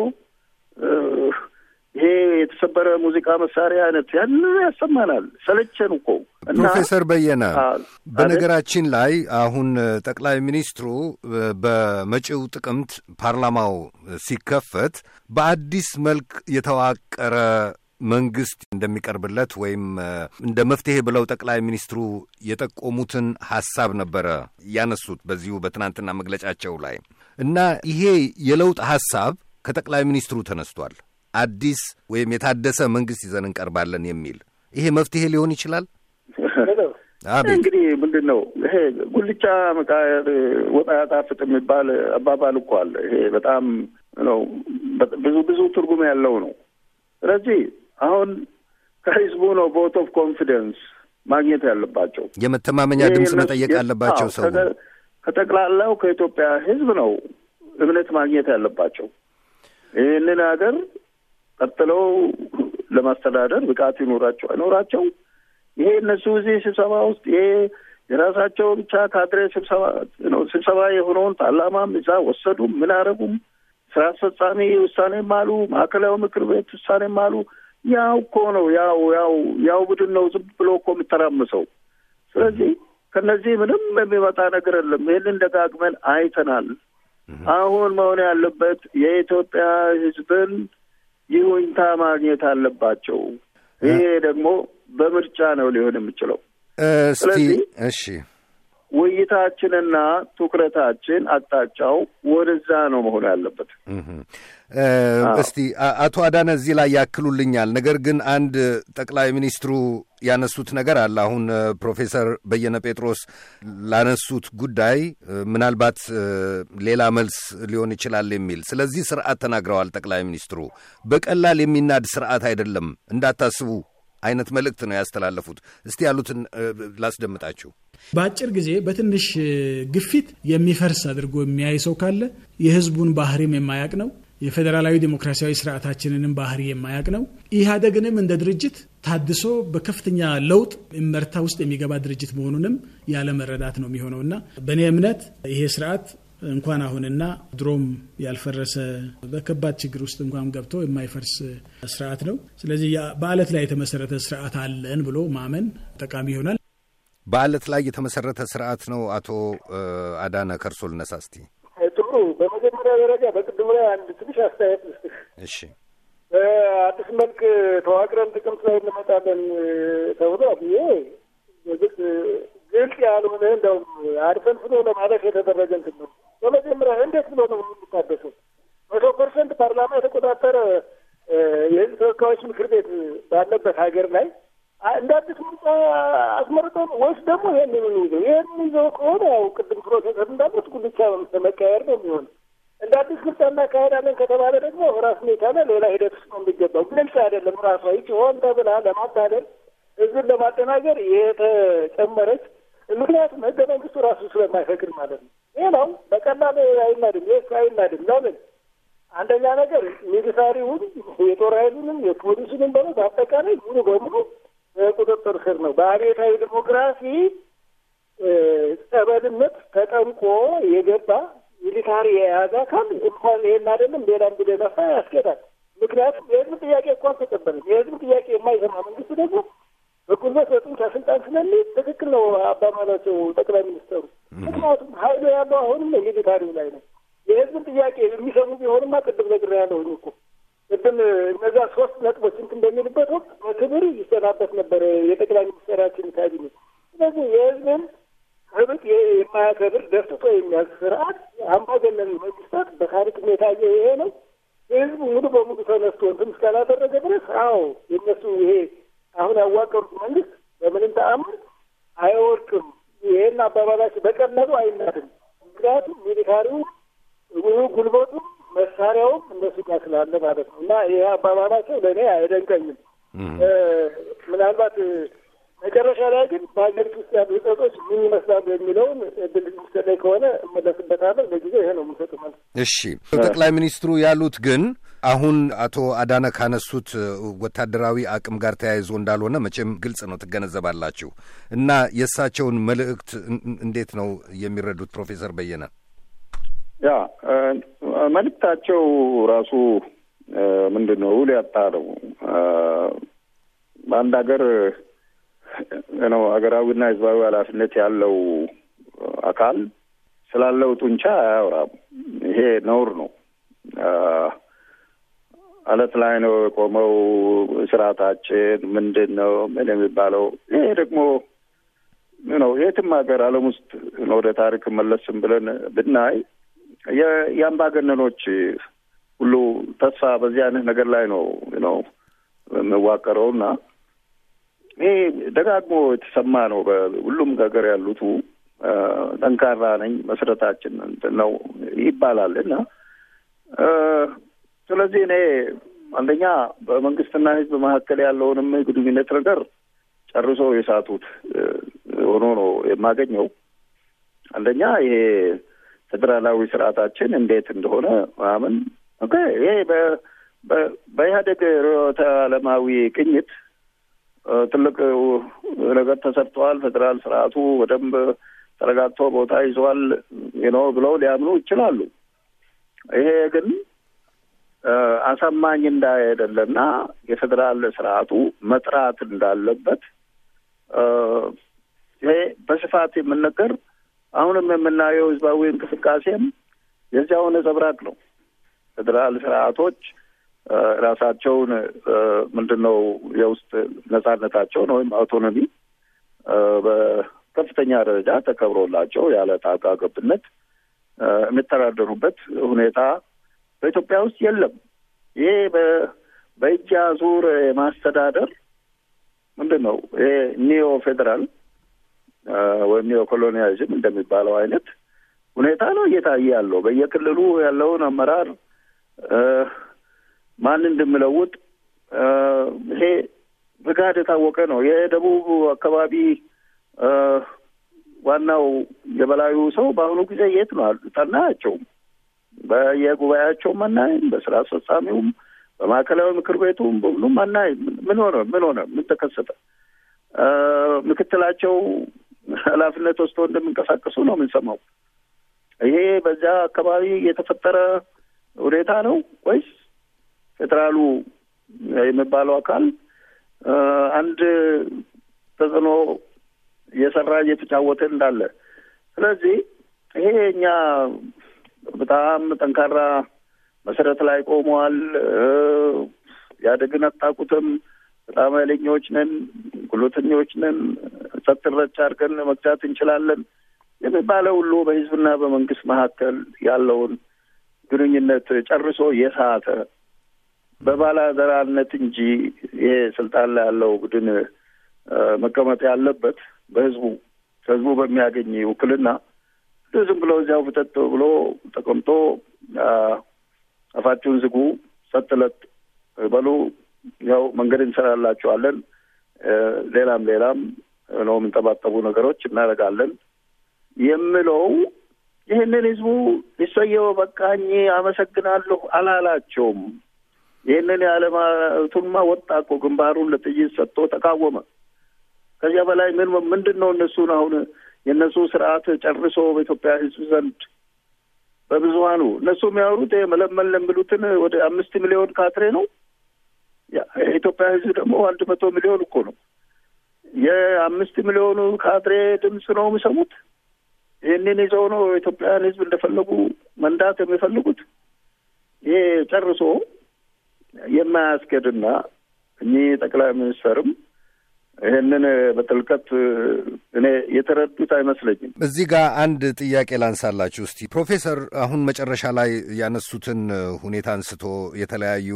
ይሄ የተሰበረ ሙዚቃ መሳሪያ አይነት ያን ያሰማናል። ሰለቸን እኮ ፕሮፌሰር በየነ በነገራችን ላይ አሁን ጠቅላይ ሚኒስትሩ በመጪው ጥቅምት ፓርላማው ሲከፈት በአዲስ መልክ የተዋቀረ መንግስት እንደሚቀርብለት ወይም እንደ መፍትሄ ብለው ጠቅላይ ሚኒስትሩ የጠቆሙትን ሀሳብ ነበረ ያነሱት በዚሁ በትናንትና መግለጫቸው ላይ እና ይሄ የለውጥ ሀሳብ ከጠቅላይ ሚኒስትሩ ተነስቷል። አዲስ ወይም የታደሰ መንግስት ይዘን እንቀርባለን የሚል ይሄ መፍትሄ ሊሆን ይችላል። እንግዲህ ምንድን ነው ይሄ ጉልቻ መቃር ወጥ አያጣፍጥ የሚባል አባባል እኮ አለ። ይሄ በጣም ነው ብዙ ብዙ ትርጉም ያለው ነው። ስለዚህ አሁን ከህዝቡ ነው ቮት ኦፍ ኮንፊደንስ ማግኘት ያለባቸው። የመተማመኛ ድምፅ መጠየቅ ያለባቸው ሰው ከጠቅላላው ከኢትዮጵያ ህዝብ ነው እምነት ማግኘት ያለባቸው። ይህንን ሀገር ቀጥለው ለማስተዳደር ብቃት ይኖራቸው አይኖራቸው፣ ይሄ እነሱ እዚህ ስብሰባ ውስጥ ይሄ የራሳቸው ብቻ ካድሬ ስብሰባ ነው። ስብሰባ የሆነውን ፓርላማም እዛ ወሰዱም ምን አረጉም፣ ስራ አስፈጻሚ ውሳኔም አሉ፣ ማዕከላዊ ምክር ቤት ውሳኔም አሉ። ያው እኮ ነው ያው ያው ያው ቡድን ነው ዝም ብሎ እኮ የሚተራምሰው። ስለዚህ ከነዚህ ምንም የሚመጣ ነገር የለም። ይህንን ደጋግመን አይተናል። አሁን መሆን ያለበት የኢትዮጵያ ሕዝብን ይሁኝታ ማግኘት አለባቸው። ይሄ ደግሞ በምርጫ ነው ሊሆን የሚችለው። እስቲ እሺ ውይይታችንና ትኩረታችን አቅጣጫው ወደዛ ነው መሆን ያለበት። እስቲ አቶ አዳነ እዚህ ላይ ያክሉልኛል። ነገር ግን አንድ ጠቅላይ ሚኒስትሩ ያነሱት ነገር አለ። አሁን ፕሮፌሰር በየነ ጴጥሮስ ላነሱት ጉዳይ ምናልባት ሌላ መልስ ሊሆን ይችላል የሚል ስለዚህ ስርዓት ተናግረዋል። ጠቅላይ ሚኒስትሩ በቀላል የሚናድ ስርዓት አይደለም እንዳታስቡ አይነት መልእክት ነው ያስተላለፉት። እስቲ ያሉትን ላስደምጣችሁ። በአጭር ጊዜ በትንሽ ግፊት የሚፈርስ አድርጎ የሚያይ ሰው ካለ የህዝቡን ባህሪም የማያቅ ነው። የፌዴራላዊ ዴሞክራሲያዊ ስርዓታችንንም ባህሪ የማያቅ ነው። ኢህአዴግንም እንደ ድርጅት ታድሶ በከፍተኛ ለውጥ እመርታ ውስጥ የሚገባ ድርጅት መሆኑንም ያለመረዳት ነው የሚሆነውና በእኔ እምነት ይሄ ስርዓት እንኳን አሁንና ድሮም ያልፈረሰ በከባድ ችግር ውስጥ እንኳን ገብቶ የማይፈርስ ስርዓት ነው። ስለዚህ በአለት ላይ የተመሰረተ ስርዓት አለን ብሎ ማመን ጠቃሚ ይሆናል። በአለት ላይ የተመሰረተ ስርዓት ነው። አቶ አዳነ ከርሶ ልነሳ እስቲ። ጥሩ፣ በመጀመሪያ ደረጃ በቅድሙ ላይ አንድ ትንሽ አስተያየት ልስጥህ። እሺ፣ አዲስ መልክ ተዋቅረን ጥቅምት ላይ እንመጣለን ተብሎ ብዬ ግልጽ ያልሆነ እንደውም አድፈን ፍኖ ለማለፍ የተደረገ እንትን ነው። በመጀመሪያ እንዴት ብሎ ነው የሚታደሰው? መቶ ፐርሰንት ፓርላማ የተቆጣጠረ የህዝብ ተወካዮች ምክር ቤት ባለበት ሀገር ላይ እንደ አዲስ ምርጫ አስመርጦ ወይስ ደግሞ ይህንን ይዘው ይህንን ይዘው ከሆነ ያው ቅድም ፕሮፌሰር እንዳሉት ጉልቻ መቀያየር ነው የሚሆን። እንደ አዲስ ምርጫ እናካሄዳለን ከተባለ ደግሞ ራሱን የቻለ ሌላ ሂደት ውስጥ ነው የሚገባው። ግልጽ አይደለም። ራሷ ይቺ ሆን ተብላ ለማታደል ህዝብን ለማደናገር የተጨመረች ምክንያቱም ህገ መንግስቱ ራሱ ስለማይፈቅድ ማለት ነው። ይህ ነው። በቀላሉ አይናድም። ይህ አይናድም። ለምን? አንደኛ ነገር ሚሊታሪውን የጦር ኃይሉንም የፖሊሱንም በ በአጠቃላይ ሙሉ በሙሉ ቁጥጥር ስር ነው። በአብዮታዊ ዲሞክራሲ ጸበልምት ተጠምቆ የገባ ሚሊታሪ የያዘ አካል እንኳን ይሄን አይደለም ሌላም ጊዜ ነፋ ያስኬዳል። ምክንያቱም የህዝብ ጥያቄ እኮ አልተቀበለም። የህዝብ ጥያቄ የማይሰማ መንግስት ደግሞ በጉልበት በጡንቻ ከስልጣን ስለሚ ትክክል ነው አባባላቸው ጠቅላይ ሚኒስተሩ። ምክንያቱም ሀይሉ ያለው አሁንም ሚሊታሪው ላይ ነው። የህዝብን ጥያቄ የሚሰሙ ቢሆንማ ቅድም ነግር ያለው እኮ ቅድም እነዛ ሶስት ነጥቦች እንትን በሚልበት ወቅት በክብር ይሰናበት ነበረ የጠቅላይ ሚኒስተራችን ካቢኔ። ስለዚህ የህዝብን ህብቅ የማያከብር ደፍጥጦ የሚያዝ ስርዓት አምባገነን መንግስታት በታሪክ የታየ ይሄ ነው። የህዝቡ ሙሉ በሙሉ ተነስቶ እንትን እስካላደረገ ድረስ አዎ የእነሱ ይሄ አሁን ያዋቀሩት መንግስት በምንም ተአምር አይወርቅም። ይህን አባባላቸው በቀነቱ አይናድም። ምክንያቱም ሚሊታሪውም ጉልበቱም መሳሪያውም እነሱ ጋር ስላለ ማለት ነው እና ይህ አባባላቸው ለእኔ አይደንቀኝም። ምናልባት መጨረሻ ላይ ግን በሀገሪቱ ውስጥ ያሉ ህጠቶች ምን ይመስላሉ የሚለውን እድል ሚኒስትር ከሆነ እመለስበታለሁ። ለጊዜው ይሄ ነው የምንሰጥ መልስ። እሺ ጠቅላይ ሚኒስትሩ ያሉት ግን አሁን አቶ አዳነ ካነሱት ወታደራዊ አቅም ጋር ተያይዞ እንዳልሆነ መቼም ግልጽ ነው፣ ትገነዘባላችሁ እና የእሳቸውን መልእክት እንዴት ነው የሚረዱት ፕሮፌሰር በየነ? ያ መልእክታቸው ራሱ ምንድን ነው ውል ያጣ ነው። በአንድ ሀገር ነው ሀገራዊና ህዝባዊ ኃላፊነት ያለው አካል ስላለው ጡንቻ አያወራም። ይሄ ነውር ነው። አለት ላይ ነው የቆመው ስርዓታችን ምንድን ነው ምን የሚባለው። ይሄ ደግሞ ነው የትም ሀገር አለም ውስጥ ወደ ታሪክ መለስም ብለን ብናይ የአምባገነኖች ሁሉ ተስፋ በዚህ አይነት ነገር ላይ ነው ነው የሚዋቀረው እና ይህ ደጋግሞ የተሰማ ነው። በሁሉም ሀገር ያሉቱ ጠንካራ ነኝ መሰረታችን ነው ይባላል እና ስለዚህ እኔ አንደኛ በመንግስትና ህዝብ መካከል ያለውንም ግንኙነት ነገር ጨርሶ የሳቱት ሆኖ ነው የማገኘው። አንደኛ ይሄ ፌዴራላዊ ስርዓታችን እንዴት እንደሆነ ምናምን ይሄ በኢህአዴግ ርዕዮተ ዓለማዊ ቅኝት ትልቅ ነገር ተሰርተዋል፣ ፌዴራል ስርዓቱ በደንብ ተረጋግቶ ቦታ ይዟል ነው ብለው ሊያምኑ ይችላሉ። ይሄ ግን አሳማኝ እንዳይደለና የፌዴራል ስርዓቱ መጥራት እንዳለበት ይሄ በስፋት የምነገር አሁንም የምናየው ህዝባዊ እንቅስቃሴም የዚያው ነጸብራቅ ነው። ፌዴራል ስርዓቶች ራሳቸውን ምንድን ነው የውስጥ ነጻነታቸውን ወይም አውቶኖሚ በከፍተኛ ደረጃ ተከብሮላቸው ያለ ጣልቃ ገብነት የሚተዳደሩበት ሁኔታ በኢትዮጵያ ውስጥ የለም። ይሄ በእጅ አዙር ማስተዳደር ምንድን ነው? ይሄ ኒዮ ፌዴራል ወይም ኒዮ ኮሎኒያሊዝም እንደሚባለው አይነት ሁኔታ ነው እየታየ ያለው። በየክልሉ ያለውን አመራር ማን እንደሚለውጥ ይሄ ብጋድ የታወቀ ነው። የደቡብ አካባቢ ዋናው የበላዩ ሰው በአሁኑ ጊዜ የት ነው አሉ በየጉባኤያቸው አናይም፣ በስራ አስፈጻሚውም፣ በማዕከላዊ ምክር ቤቱም በሁሉም አናይም። ምን ሆነ? ምን ሆነ? ምን ተከሰተ? ምክትላቸው ኃላፊነት ወስዶ እንደሚንቀሳቀሱ ነው የምንሰማው። ይሄ በዚያ አካባቢ የተፈጠረ ሁኔታ ነው ወይስ ፌዴራሉ የሚባለው አካል አንድ ተጽዕኖ እየሰራ እየተጫወተ እንዳለ? ስለዚህ ይሄ እኛ በጣም ጠንካራ መሰረት ላይ ቆመዋል። ያደግን አታውቁትም። በጣም ኃይለኞች ነን፣ ጉልበተኞች ነን፣ ጸጥ አድርገን መግዛት እንችላለን የሚባለው ሁሉ በህዝብና በመንግስት መካከል ያለውን ግንኙነት ጨርሶ የሳተ በባላደራነት እንጂ ይሄ ስልጣን ላይ ያለው ቡድን መቀመጥ ያለበት በህዝቡ ከህዝቡ በሚያገኝ ውክልና ዝም ብሎ እዚያው ፍጠጥ ብሎ ተቀምጦ አፋችሁን ዝጉ፣ ሰጥ በሉ፣ ያው መንገድ እንሰራላችኋለን፣ ሌላም ሌላም ነው የምንጠባጠቡ ነገሮች እናደርጋለን የምለው ይህንን ህዝቡ ሊሰየው በቃኝ አመሰግናለሁ አላላቸውም። ይህንን የአለማቱንማ ወጣ እኮ ግንባሩን ለጥይት ሰጥቶ ተቃወመ። ከዚያ በላይ ምን ምንድን ነው እነሱን አሁን የእነሱ ስርዓት ጨርሶ በኢትዮጵያ ህዝብ ዘንድ በብዙሀኑ እነሱ የሚያወሩት መለመን ለሚሉትን ወደ አምስት ሚሊዮን ካድሬ ነው። የኢትዮጵያ ህዝብ ደግሞ አንድ መቶ ሚሊዮን እኮ ነው። የአምስት ሚሊዮኑ ካድሬ ድምፅ ነው የሚሰሙት። ይህንን ይዘው ነው የኢትዮጵያን ህዝብ እንደፈለጉ መንዳት የሚፈልጉት። ይሄ ጨርሶ የማያስገድና እኚህ ጠቅላይ ሚኒስትርም ይህንን በጥልቀት እኔ የተረዱት አይመስለኝም። እዚህ ጋር አንድ ጥያቄ ላንሳላችሁ እስቲ ፕሮፌሰር፣ አሁን መጨረሻ ላይ ያነሱትን ሁኔታ አንስቶ የተለያዩ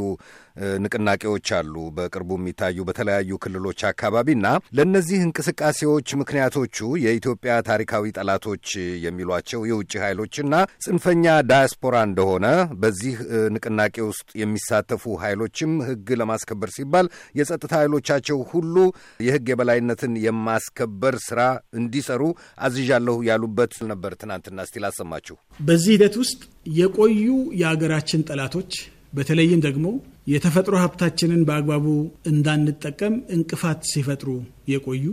ንቅናቄዎች አሉ በቅርቡ የሚታዩ በተለያዩ ክልሎች አካባቢና ለእነዚህ እንቅስቃሴዎች ምክንያቶቹ የኢትዮጵያ ታሪካዊ ጠላቶች የሚሏቸው የውጭ ኃይሎችና ጽንፈኛ ዳያስፖራ እንደሆነ በዚህ ንቅናቄ ውስጥ የሚሳተፉ ኃይሎችም ሕግ ለማስከበር ሲባል የጸጥታ ኃይሎቻቸው ሁሉ የሕግ የበላይነትን የማስከበር ስራ እንዲሰሩ አዝዣለሁ ያሉበት ነበር። ትናንትና እስቲ ላሰማችሁ። በዚህ ሂደት ውስጥ የቆዩ የሀገራችን ጠላቶች በተለይም ደግሞ የተፈጥሮ ሀብታችንን በአግባቡ እንዳንጠቀም እንቅፋት ሲፈጥሩ የቆዩ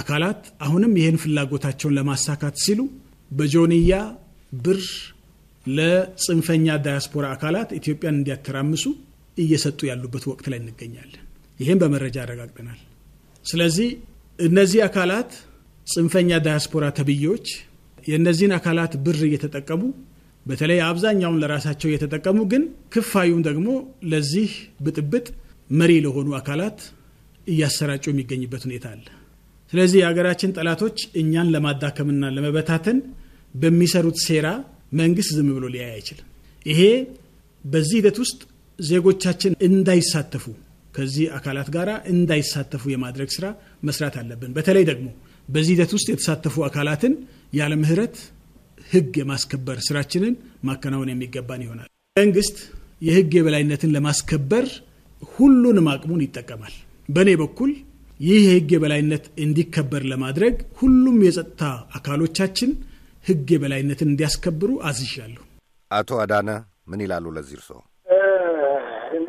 አካላት አሁንም ይህን ፍላጎታቸውን ለማሳካት ሲሉ በጆንያ ብር ለጽንፈኛ ዳያስፖራ አካላት ኢትዮጵያን እንዲያተራምሱ እየሰጡ ያሉበት ወቅት ላይ እንገኛለን። ይህም በመረጃ አረጋግጠናል። ስለዚህ እነዚህ አካላት ጽንፈኛ ዳያስፖራ ተብዬዎች የእነዚህን አካላት ብር እየተጠቀሙ በተለይ አብዛኛውን ለራሳቸው እየተጠቀሙ ግን ክፋዩም ደግሞ ለዚህ ብጥብጥ መሪ ለሆኑ አካላት እያሰራጩ የሚገኝበት ሁኔታ አለ። ስለዚህ የሀገራችን ጠላቶች እኛን ለማዳከምና ለመበታተን በሚሰሩት ሴራ መንግስት ዝም ብሎ ሊያይ አይችልም። ይሄ በዚህ ሂደት ውስጥ ዜጎቻችን እንዳይሳተፉ ከዚህ አካላት ጋር እንዳይሳተፉ የማድረግ ስራ መስራት አለብን። በተለይ ደግሞ በዚህ ሂደት ውስጥ የተሳተፉ አካላትን ያለ ምህረት ህግ የማስከበር ስራችንን ማከናወን የሚገባን ይሆናል። መንግስት የህግ የበላይነትን ለማስከበር ሁሉንም አቅሙን ይጠቀማል። በእኔ በኩል ይህ የህግ የበላይነት እንዲከበር ለማድረግ ሁሉም የጸጥታ አካሎቻችን ህግ የበላይነትን እንዲያስከብሩ አዝዣለሁ። አቶ አዳነ ምን ይላሉ ለዚህ እርስዎ?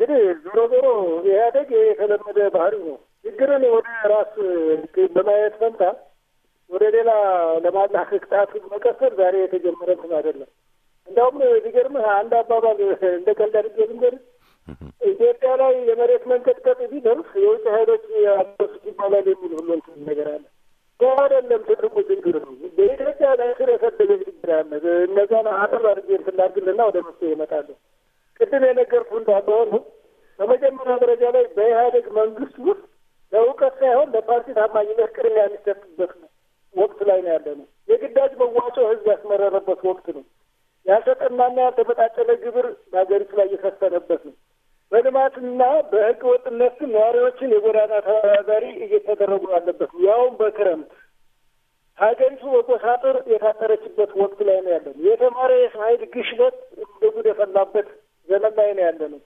እንግዲህ ዞሮ ዞሮ ኢህአዴግ የተለመደ ባህሪ ነው። ችግርን ወደ ራስ በማየት ፈንታ ወደ ሌላ ለማላክ ቅጣት መቀሰር ዛሬ የተጀመረ እንትን አይደለም። እንዲያውም ቢገርምህ አንድ አባባል እንደ ቀልድ አድርጌ ልንገርህ። ኢትዮጵያ ላይ የመሬት መንቀጥቀጥ ቢደርስ የውጭ ኃይሎች አደረሱት ይባላል የሚል ሁሉ እንትን ነገር አለ። አይደለም ትልቁ ችግር ነው። በኢትዮጵያ ላይ ስር የሰደገ ችግር አለ። እነዛን አጠር አድርጌ እንትን ወደ መፍትሄ ይመጣለሁ። ቅድም የነገርኩህ እንዳለ ሆኖ በመጀመሪያ ደረጃ ላይ በኢህአዴግ መንግስት ውስጥ ለእውቀት ሳይሆን ለፓርቲ ታማኝነት ቅድሚያ የሚሰጥበት ወቅት ላይ ነው ያለ ነው። የግዳጅ መዋጮ ህዝብ ያስመረረበት ወቅት ነው። ያልተጠናና ያልተመጣጠነ ግብር በሀገሪቱ ላይ እየሰፈነበት ነው። በልማትና በህገ ወጥነት ነዋሪዎችን የጎዳና ተወዳዳሪ እየተደረጉ ያለበት ነው። ያውም በክረምት ሀገሪቱ በቆሳጥር የታጠረችበት ወቅት ላይ ነው ያለ ነው። የተማረ የሰው ኃይል ግሽበት እንደ ጉድ የፈላበት ዘመን ላይ ነው ያለ ነው።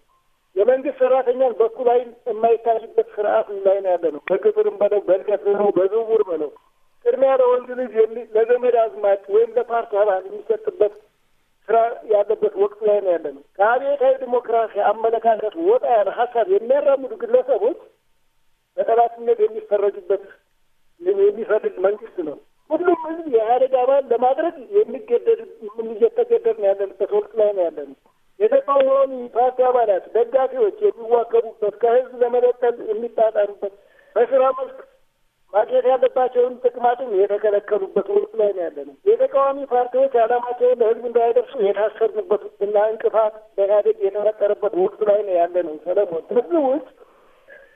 የመንግስት ሰራተኛን በኩል አይን የማይታይበት ስርዓት ላይ ነው ያለ ነው። በቅጥርም በለው በልቀት ነው በዝውውር በለው ቅድሚያ ለወንድ ልጅ ለዘመድ አዝማች ወይም ለፓርቲ አባል የሚሰጥበት ስራ ያለበት ወቅት ላይ ነው ያለ ነው። ከአብዮታዊ ዲሞክራሲ አመለካከት ወጣ ያለ ሀሳብ የሚያራምዱ ግለሰቦች በጠላትነት የሚፈረጁበት የሚፈልግ መንግስት ነው። ሁሉም ህዝብ የኢህአዴግ አባል ለማድረግ የሚገደድ የተገደድ ነው ያለንበት ወቅት ላይ ነው ያለ ነው። የተቃውሞውን ፓርቲ አባላት፣ ደጋፊዎች የሚዋከቡበት ከህዝብ ለመለጠል የሚጣጣሩበት በስራ መልክ ማግኘት ያለባቸውን ጥቅማትም የተከለከሉበት ወቅት ላይ ነው ያለ ነው። የተቃዋሚ ፓርቲዎች አላማቸውን ለህዝብ እንዳይደርሱ የታሰርንበት እና እንቅፋት በኢህአዴግ የተፈጠረበት ወቅት ላይ ነው ያለ ነው። ሰለሞን ህዝብ ውስጥ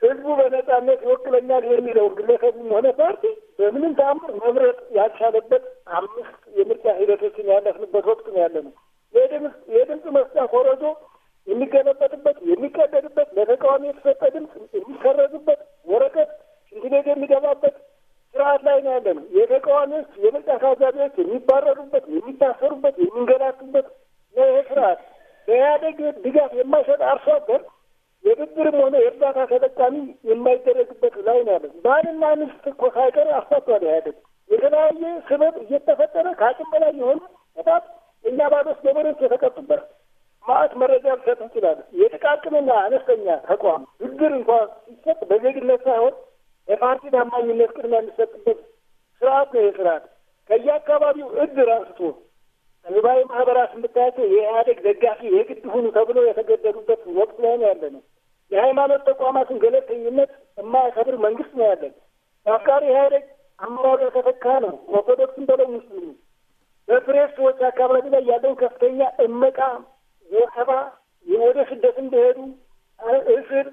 ህዝቡ በነጻነት ይወክለኛል የሚለው ግለሰብም ሆነ ፓርቲ በምንም ተአምር መምረጥ ያልቻለበት አምስት የምርጫ ሂደቶችን ያለፍንበት ወቅት ነው ያለ ነው። የድምፅ መስጫ ኮረጆ የሚገለበጥበት፣ የሚቀደድበት፣ ለተቃዋሚ የተሰጠ ድምፅ የሚሰረዝበት፣ ወረቀት ሽንት የሚገባበት ስርዓት ላይ ነው ያለ ነው። የተቃዋሚዎች የምርጫ ታዛቢዎች የሚባረሩበት፣ የሚታሰሩበት፣ የሚንገላቱበት ነው ይህ ስርዓት። ለኢህአዴግ ድጋፍ የማይሰጥ አርሶ አደር የብድርም ሆነ የእርዳታ ተጠቃሚ የማይደረግበት ላይ ነው ያለ። ባልና ሚስት እኮ ሳይቀር አፋቷል ኢህአዴግ። የተለያየ ስበብ እየተፈጠረ ከአቅም በላይ የሆነ በጣም እኛ ባዶስ ገበሬዎች የተቀጡበት ማዕት መረጃ ልሰጥ እንችላለን። የጥቃቅንና አነስተኛ ተቋም ብድር እንኳን ሲሰጥ በዜግነት ሳይሆን የፓርቲ ታማኝነት ቅድሚያ የሚሰጥበት ስርዓት ነው። የስርዓት ከየአካባቢው እድር አንስቶ ህዝባዊ ማህበራት የምታያቸው የኢህአዴግ ደጋፊ የግድ ሁኑ ተብሎ የተገደዱበት ወቅት ላይ ነው ያለ ነው። የሃይማኖት ተቋማትን ገለልተኝነት የማያከብር መንግስት ነው ያለን። አፍቃሪ ኢህአዴግ አመራሩ የተተካ ነው። ኦርቶዶክስን በለው ሙስሊሙ በፕሬስ ሰዎች አካባቢ ላይ ያለው ከፍተኛ እመቃ፣ ወከባ፣ ወደ ስደት እንደሄዱ እስር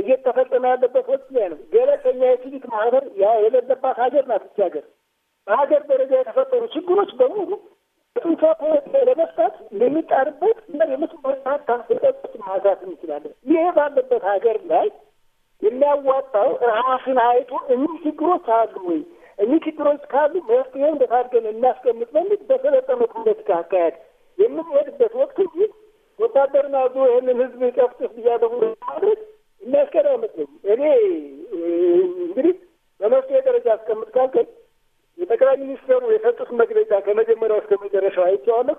እየተፈጸመ ያለበት ወቅት ላይ ነው። ገለልተኛ የሲቪክ ማህበር የሌለባት ሀገር ናት ይች ሀገር። በሀገር ደረጃ የተፈጠሩ ችግሮች በሙሉ ጥንቷ ፖለቲካ ለመፍታት የሚጣርበት የምትበታታ ስጠት ማዛት እንችላለን። ይሄ ባለበት ሀገር ላይ የሚያዋጣው ራስን አይቶ እኒህ ችግሮች አሉ ወይ እኚህ ችግሮች ካሉ መፍትሄው እንደታገለ እናስቀምጥ በሚል በሰለጠነ ፖለቲካ አካሄድ የምንሄድበት ወቅት እንጂ ወታደርን አዞ ይህንን ህዝብ ቀፍጥፍ ብያለሁ ማድረግ የሚያስኬድ አይመስለኝም። እኔ እንግዲህ በመፍትሄ ደረጃ አስቀምጥ ካልከኝ የጠቅላይ ሚኒስትሩ የሰጡት መግለጫ ከመጀመሪያው እስከ መጨረሻው አይቼዋለሁ።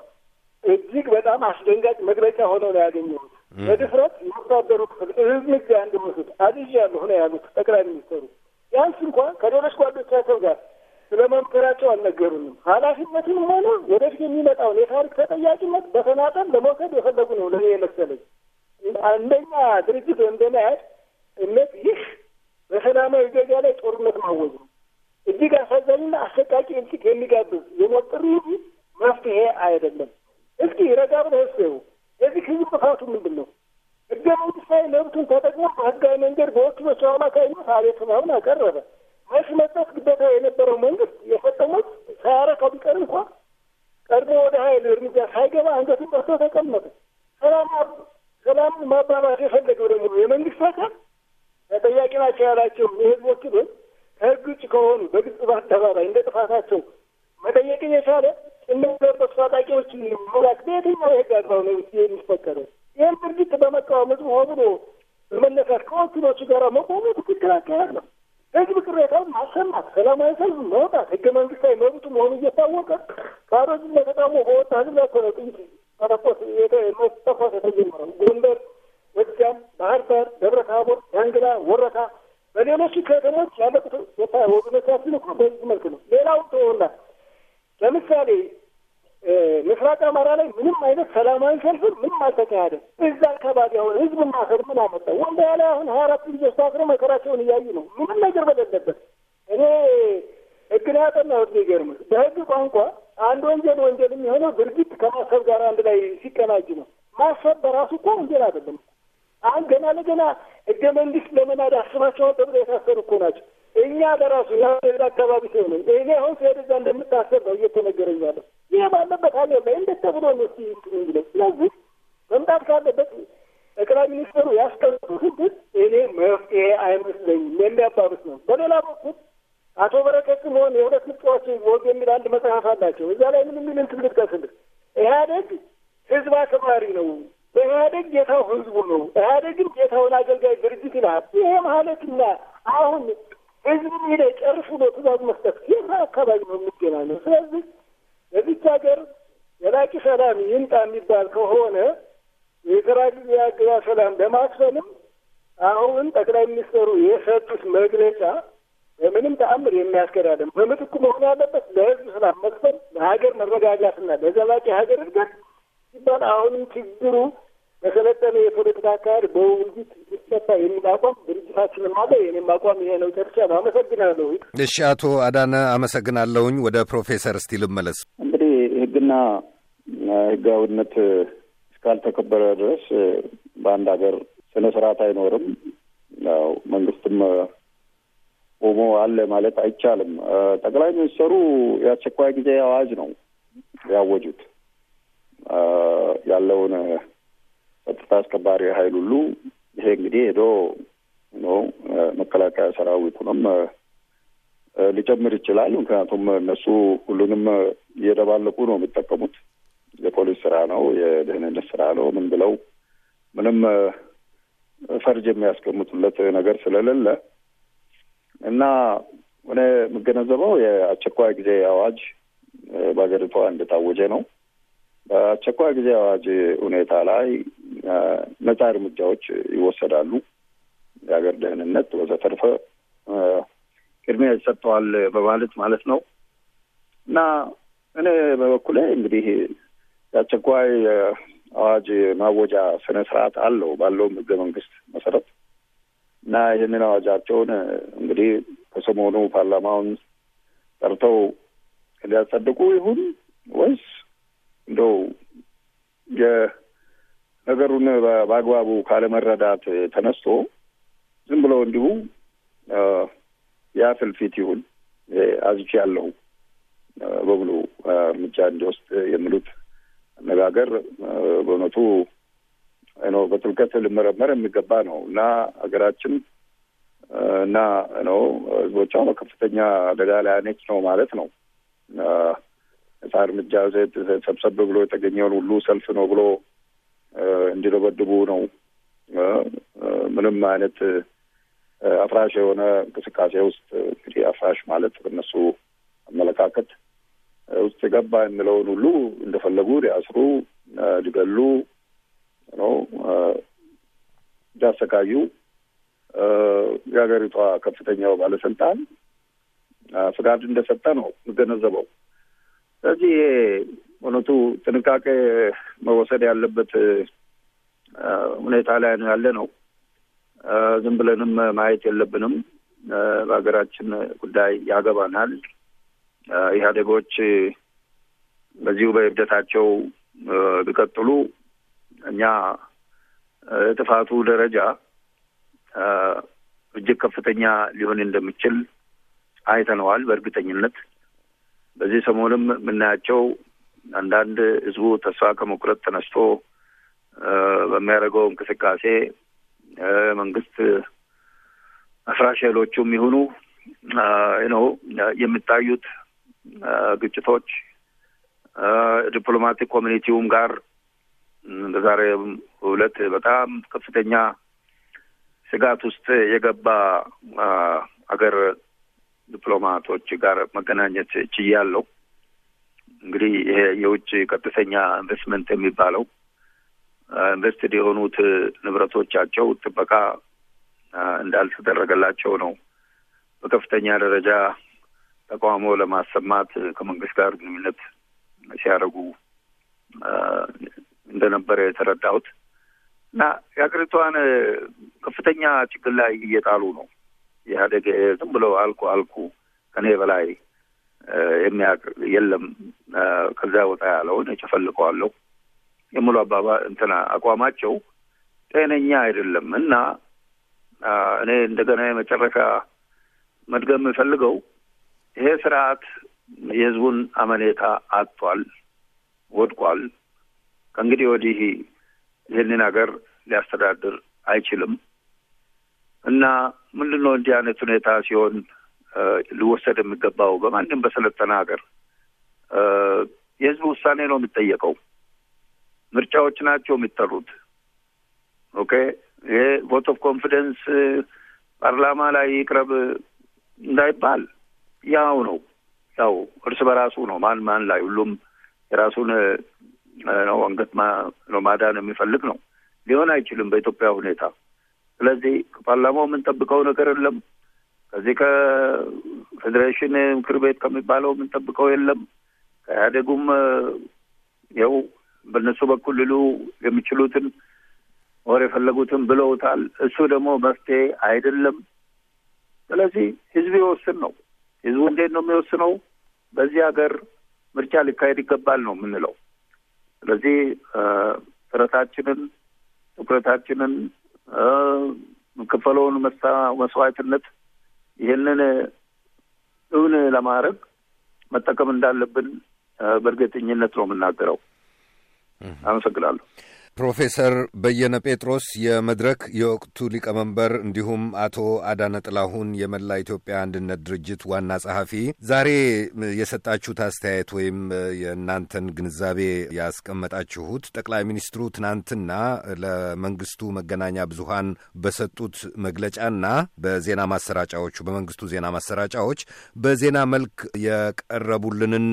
እጅግ በጣም አስደንጋጭ መግለጫ ሆነው ነው ያገኘሁት። በድፍረት የወታደሩ ክፍል እርምጃ እንዲወስድ አዝዣለሁ ነው ያሉት ጠቅላይ ሚኒስትሩ። ቢያንስ እንኳን ከሌሎች ጓዶቻቸው ጋር ስለ መምከራቸው አልነገሩንም። ኃላፊነትም ሆነ ወደፊት የሚመጣውን የታሪክ ተጠያቂነት በተናጠል ለመውሰድ የፈለጉ ነው ለኔ የመሰለኝ። አንደኛ ድርጅት እንደመያድ እነት ይህ በሰላማዊ ዜጋ ላይ ጦርነት ማወጅ ነው። እጅግ አሳዛኝና አሰቃቂ እልቂት የሚጋብዝ የሞት ጥሪ እንጂ መፍትሄ አይደለም። እስኪ ረጋ ብለው የዚህ ህዝብ ጥፋቱ ምንድን ነው? ህገ መንግስታዊ መብቱን ተጠቅሞ በህጋዊ መንገድ በወኪሎቹ አማካኝነት አቤት ማሁን አቀረበ። መልስ መስጠት ግዴታ የነበረው መንግስት የሰጠው መልስ ሳያረካው ቢቀር እንኳ ቀድሞ ወደ ኃይል እርምጃ ሳይገባ አንገቱን ቀርቶ ተቀመጠ። ሰላም ሰላም ማባባት የፈለገው ደግሞ የመንግስት አካል ተጠያቂ ናቸው ያላቸው የህዝብ ወኪሎች ከህግ ውጭ ከሆኑ በግልጽ በአደባባይ እንደ ጥፋታቸው መጠየቅ እየቻለ እንደበሱ ታጣቂዎችን መላክ በየትኛው የህግ አግባብ ነው የሚፈቀደው? ይህን ድርጊት በመቃወም ህዝብ ሆ ብሎ በመነሳት ከወኪሎቹ ጋር መቆሙ ትክክል አካሄድ ነው። ህዝብ ቅሬታውን ማሰማት፣ ሰላማዊ ሰልፍ መውጣት ህገ መንግስታዊ መብቱ መሆኑ እየታወቀ ባዶጅ ለተቃውሞ በወጣ ህዝብ ላይ እኮ ነው ጥይት መተኮስ መተኮስ የተጀመረው። ጎንደር፣ ጎጃም፣ ባህር ዳር፣ ደብረ ታቦር፣ ዳንግላ፣ ወረታ በሌሎች ከተሞች ያለቁት ወገኖቻችን እኮ በዚህ መልክ ነው። ሌላውን ተወላ ለምሳሌ ምስራቅ አማራ ላይ ምንም አይነት ሰላማዊ ሰልፍም ምንም አልተካሄደም። እዛ አካባቢ አሁን ህዝብ ማሰር ምን አመጣ? ወልዲያ ላይ አሁን ሀያ አራት ልጆች ታስረው መከራቸውን እያዩ ነው። ምንም ነገር በሌለበት እኔ ህግ ያጠና ያጠናሁት። የሚገርምህ በህግ ቋንቋ አንድ ወንጀል ወንጀል የሚሆነው ድርጊት ከማሰብ ጋር አንድ ላይ ሲቀናጅ ነው። ማሰብ በራሱ እኮ ወንጀል አይደለም። አሁን ገና ለገና ህገ መንግስት ለመናድ አስባቸውን ተብለው የታሰሩ እኮ ናቸው። እኛ በራሱ ያ አካባቢ ሰው ነው። እኔ አሁን ስሄድ እዛ እንደምታሰር ነው እየተነገረኝ ያለው ይህ ባለበት አገር ላይ እንዴት ተብሎ ነው እንግዲህ። ስለዚህ መምጣት ካለበት ጠቅላይ ሚኒስትሩ ያስቀመጡት ህግ እኔ መፍትሄ አይመስለኝም፣ የሚያባብስ ነው። በሌላ በኩል አቶ በረከት ሆን የሁለት ምርጫዎች ወግ የሚል አንድ መጽሐፍ አላቸው። እዛ ላይ ምን የሚል እንትን ልጥቀስልህ። ኢህአዴግ ህዝብ አክባሪ ነው፣ በኢህአዴግ ጌታው ህዝቡ ነው፣ ኢህአዴግም ጌታውን አገልጋይ ድርጅት ይላል። ይሄ ማለትና አሁን ህዝብ ሄደ ጨርሱ ነው ትእዛዝ መስጠት ይህ አካባቢ ነው የሚገናኘው። ስለዚህ በዚች ሀገር ዘላቂ ሰላም ይምጣ የሚባል ከሆነ የዘላቂ ሰላም ለማስፈንም አሁን ጠቅላይ ሚኒስትሩ የሰጡት መግለጫ በምንም ተአምር የሚያስገድ አይደለም። በምትኩ መሆን ያለበት ለህዝብ ሰላም መክፈል፣ ለሀገር መረጋጋትና ለዘላቂ ሀገር እድገት ሲባል አሁንም ችግሩ በሰለጠነ የፖለቲካ አካሄድ በውይይት ሊፈታ የሚል አቋም ድርጅታችንም አለ። የኔም አቋም ይሄ ነው። ጨርሻ አመሰግናለሁ። እሺ፣ አቶ አዳነ አመሰግናለሁኝ። ወደ ፕሮፌሰር እስቲ ልመለስ። እንግዲህ ህግና ህጋዊነት እስካልተከበረ ድረስ በአንድ ሀገር ስነ ስርዓት አይኖርም። ያው መንግስትም ቆሞ አለ ማለት አይቻልም። ጠቅላይ ሚኒስትሩ የአስቸኳይ ጊዜ አዋጅ ነው ያወጁት ያለውን ጸጥታ አስከባሪ ኃይል ሁሉ ይሄ እንግዲህ ሄዶ ነው መከላከያ ሰራዊቱንም ሊጨምር ይችላል። ምክንያቱም እነሱ ሁሉንም እየደባለቁ ነው የሚጠቀሙት። የፖሊስ ስራ ነው፣ የደህንነት ስራ ነው። ምን ብለው ምንም ፈርጅ የሚያስቀምጡለት ነገር ስለሌለ እና እኔ የምገነዘበው የአስቸኳይ ጊዜ አዋጅ በሀገሪቷ እንደታወጀ ነው። በአስቸኳይ ጊዜ አዋጅ ሁኔታ ላይ ነጻ እርምጃዎች ይወሰዳሉ። የሀገር ደህንነት ወዘተርፈ ቅድሚያ ይሰጠዋል በማለት ማለት ነው እና እኔ በበኩሌ እንግዲህ የአስቸኳይ አዋጅ ማወጃ ስነ ስርዓት አለው ባለውም ህገ መንግስት መሰረት እና ይህንን አዋጃቸውን እንግዲህ ከሰሞኑ ፓርላማውን ጠርተው ሊያጸድቁ ይሁን ወይስ እንደው የነገሩን በአግባቡ ካለመረዳት ተነስቶ ዝም ብለው እንዲሁ የአፍልፊት ይሁን አዝቺ ያለው በሙሉ እርምጃ እንዲወስድ የሚሉት አነጋገር በእውነቱ ነው በጥልቀት ልመረመር የሚገባ ነው እና ሀገራችን እና ነው ህዝቦቿ በከፍተኛ አደጋ ላይ ነች ነው ማለት ነው። እዛ እርምጃ ሰብሰብ ብሎ የተገኘውን ሁሉ ሰልፍ ነው ብሎ እንዲደበድቡ ነው። ምንም አይነት አፍራሽ የሆነ እንቅስቃሴ ውስጥ እንግዲህ አፍራሽ ማለት በነሱ አመለካከት ውስጥ የገባ የሚለውን ሁሉ እንደፈለጉ ሊያስሩ፣ ሊገሉ ነው እንዳሰቃዩ የሀገሪቷ ከፍተኛው ባለስልጣን ፍቃድ እንደሰጠ ነው የምገነዘበው። ስለዚህ ይሄ እውነቱ ጥንቃቄ መወሰድ ያለበት ሁኔታ ላይ ነው ያለ ነው። ዝም ብለንም ማየት የለብንም። በሀገራችን ጉዳይ ያገባናል። ኢህአዴጎች በዚሁ በእብደታቸው ቢቀጥሉ እኛ የጥፋቱ ደረጃ እጅግ ከፍተኛ ሊሆን እንደሚችል አይተነዋል በእርግጠኝነት። በዚህ ሰሞንም የምናያቸው አንዳንድ ህዝቡ ተስፋ ከመቁረጥ ተነስቶ በሚያደርገው እንቅስቃሴ መንግስት አፍራሽ ኃይሎቹም ይሁኑ ነው የሚታዩት ግጭቶች ዲፕሎማቲክ ኮሚኒቲውም ጋር በዛሬ ሁለት በጣም ከፍተኛ ስጋት ውስጥ የገባ አገር ዲፕሎማቶች ጋር መገናኘት ችያለሁ። እንግዲህ ይሄ የውጭ ቀጥተኛ ኢንቨስትመንት የሚባለው ኢንቨስትድ የሆኑት ንብረቶቻቸው ጥበቃ እንዳልተደረገላቸው ነው በከፍተኛ ደረጃ ተቃውሞ ለማሰማት ከመንግስት ጋር ግንኙነት ሲያደርጉ እንደነበረ የተረዳሁት እና የሀገሪቷን ከፍተኛ ችግር ላይ እየጣሉ ነው። ኢህአዴግ ዝም ብሎ አልኩ አልኩ ከኔ በላይ የሚያቅ የለም ከዛ ወጣ ያለውን የጨፈልቀዋለሁ የሙሉ አባባ እንትና አቋማቸው ጤነኛ አይደለም እና እኔ እንደገና የመጨረሻ መድገም የምፈልገው ይሄ ስርዓት የህዝቡን አመኔታ አጥቷል፣ ወድቋል። ከእንግዲህ ወዲህ ይህንን ሀገር ሊያስተዳድር አይችልም። እና ምንድን ነው እንዲህ አይነት ሁኔታ ሲሆን ሊወሰድ የሚገባው በማንም በሰለጠነ ሀገር የህዝብ ውሳኔ ነው የሚጠየቀው። ምርጫዎች ናቸው የሚጠሩት። ኦኬ ይሄ ቮት ኦፍ ኮንፊደንስ ፓርላማ ላይ ይቅረብ እንዳይባል ያው ነው ያው እርስ በራሱ ነው ማን ማን ላይ ሁሉም የራሱን ነው አንገት ነው ማዳን የሚፈልግ ነው። ሊሆን አይችልም በኢትዮጵያ ሁኔታ ስለዚህ ከፓርላማው የምንጠብቀው ነገር የለም። ከዚህ ከፌዴሬሽን ምክር ቤት ከሚባለው የምንጠብቀው የለም። ከኢህአዴጉም ያው በእነሱ በኩል ሊሉ የሚችሉትን ወር የፈለጉትን ብለውታል። እሱ ደግሞ መፍትሄ አይደለም። ስለዚህ ህዝብ ይወስን ነው። ህዝቡ እንዴት ነው የሚወስነው? በዚህ ሀገር ምርጫ ሊካሄድ ይገባል ነው የምንለው። ስለዚህ ጥረታችንን ትኩረታችንን ክፈለውን መስዋዕትነት ይህንን እውን ለማድረግ መጠቀም እንዳለብን በእርግጠኝነት ነው የምናገረው። አመሰግናለሁ። ፕሮፌሰር በየነ ጴጥሮስ የመድረክ የወቅቱ ሊቀመንበር እንዲሁም አቶ አዳነ ጥላሁን የመላ ኢትዮጵያ አንድነት ድርጅት ዋና ጸሐፊ፣ ዛሬ የሰጣችሁት አስተያየት ወይም የእናንተን ግንዛቤ ያስቀመጣችሁት ጠቅላይ ሚኒስትሩ ትናንትና ለመንግስቱ መገናኛ ብዙሃን በሰጡት መግለጫና በዜና ማሰራጫዎቹ በመንግስቱ ዜና ማሰራጫዎች በዜና መልክ የቀረቡልንን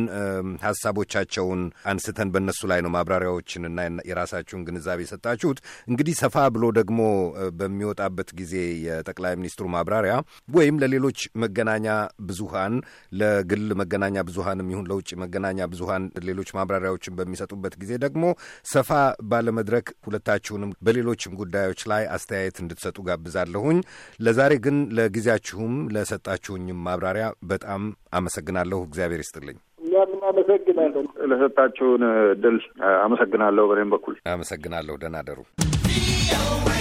ሀሳቦቻቸውን አንስተን በእነሱ ላይ ነው ማብራሪያዎችንና የራሳችሁን ግንዛቤ የሰጣችሁት። እንግዲህ ሰፋ ብሎ ደግሞ በሚወጣበት ጊዜ የጠቅላይ ሚኒስትሩ ማብራሪያ ወይም ለሌሎች መገናኛ ብዙሃን ለግል መገናኛ ብዙሃንም ይሁን ለውጭ መገናኛ ብዙሃን ሌሎች ማብራሪያዎችን በሚሰጡበት ጊዜ ደግሞ ሰፋ ባለመድረክ ሁለታችሁንም በሌሎችም ጉዳዮች ላይ አስተያየት እንድትሰጡ ጋብዛለሁኝ። ለዛሬ ግን ለጊዜያችሁም ለሰጣችሁኝም ማብራሪያ በጣም አመሰግናለሁ። እግዚአብሔር ይስጥልኝ። እኛም እናመሰግናለን። ለሰጣችሁን እድል አመሰግናለሁ። በእኔም በኩል አመሰግናለሁ። ደህና ደሩ።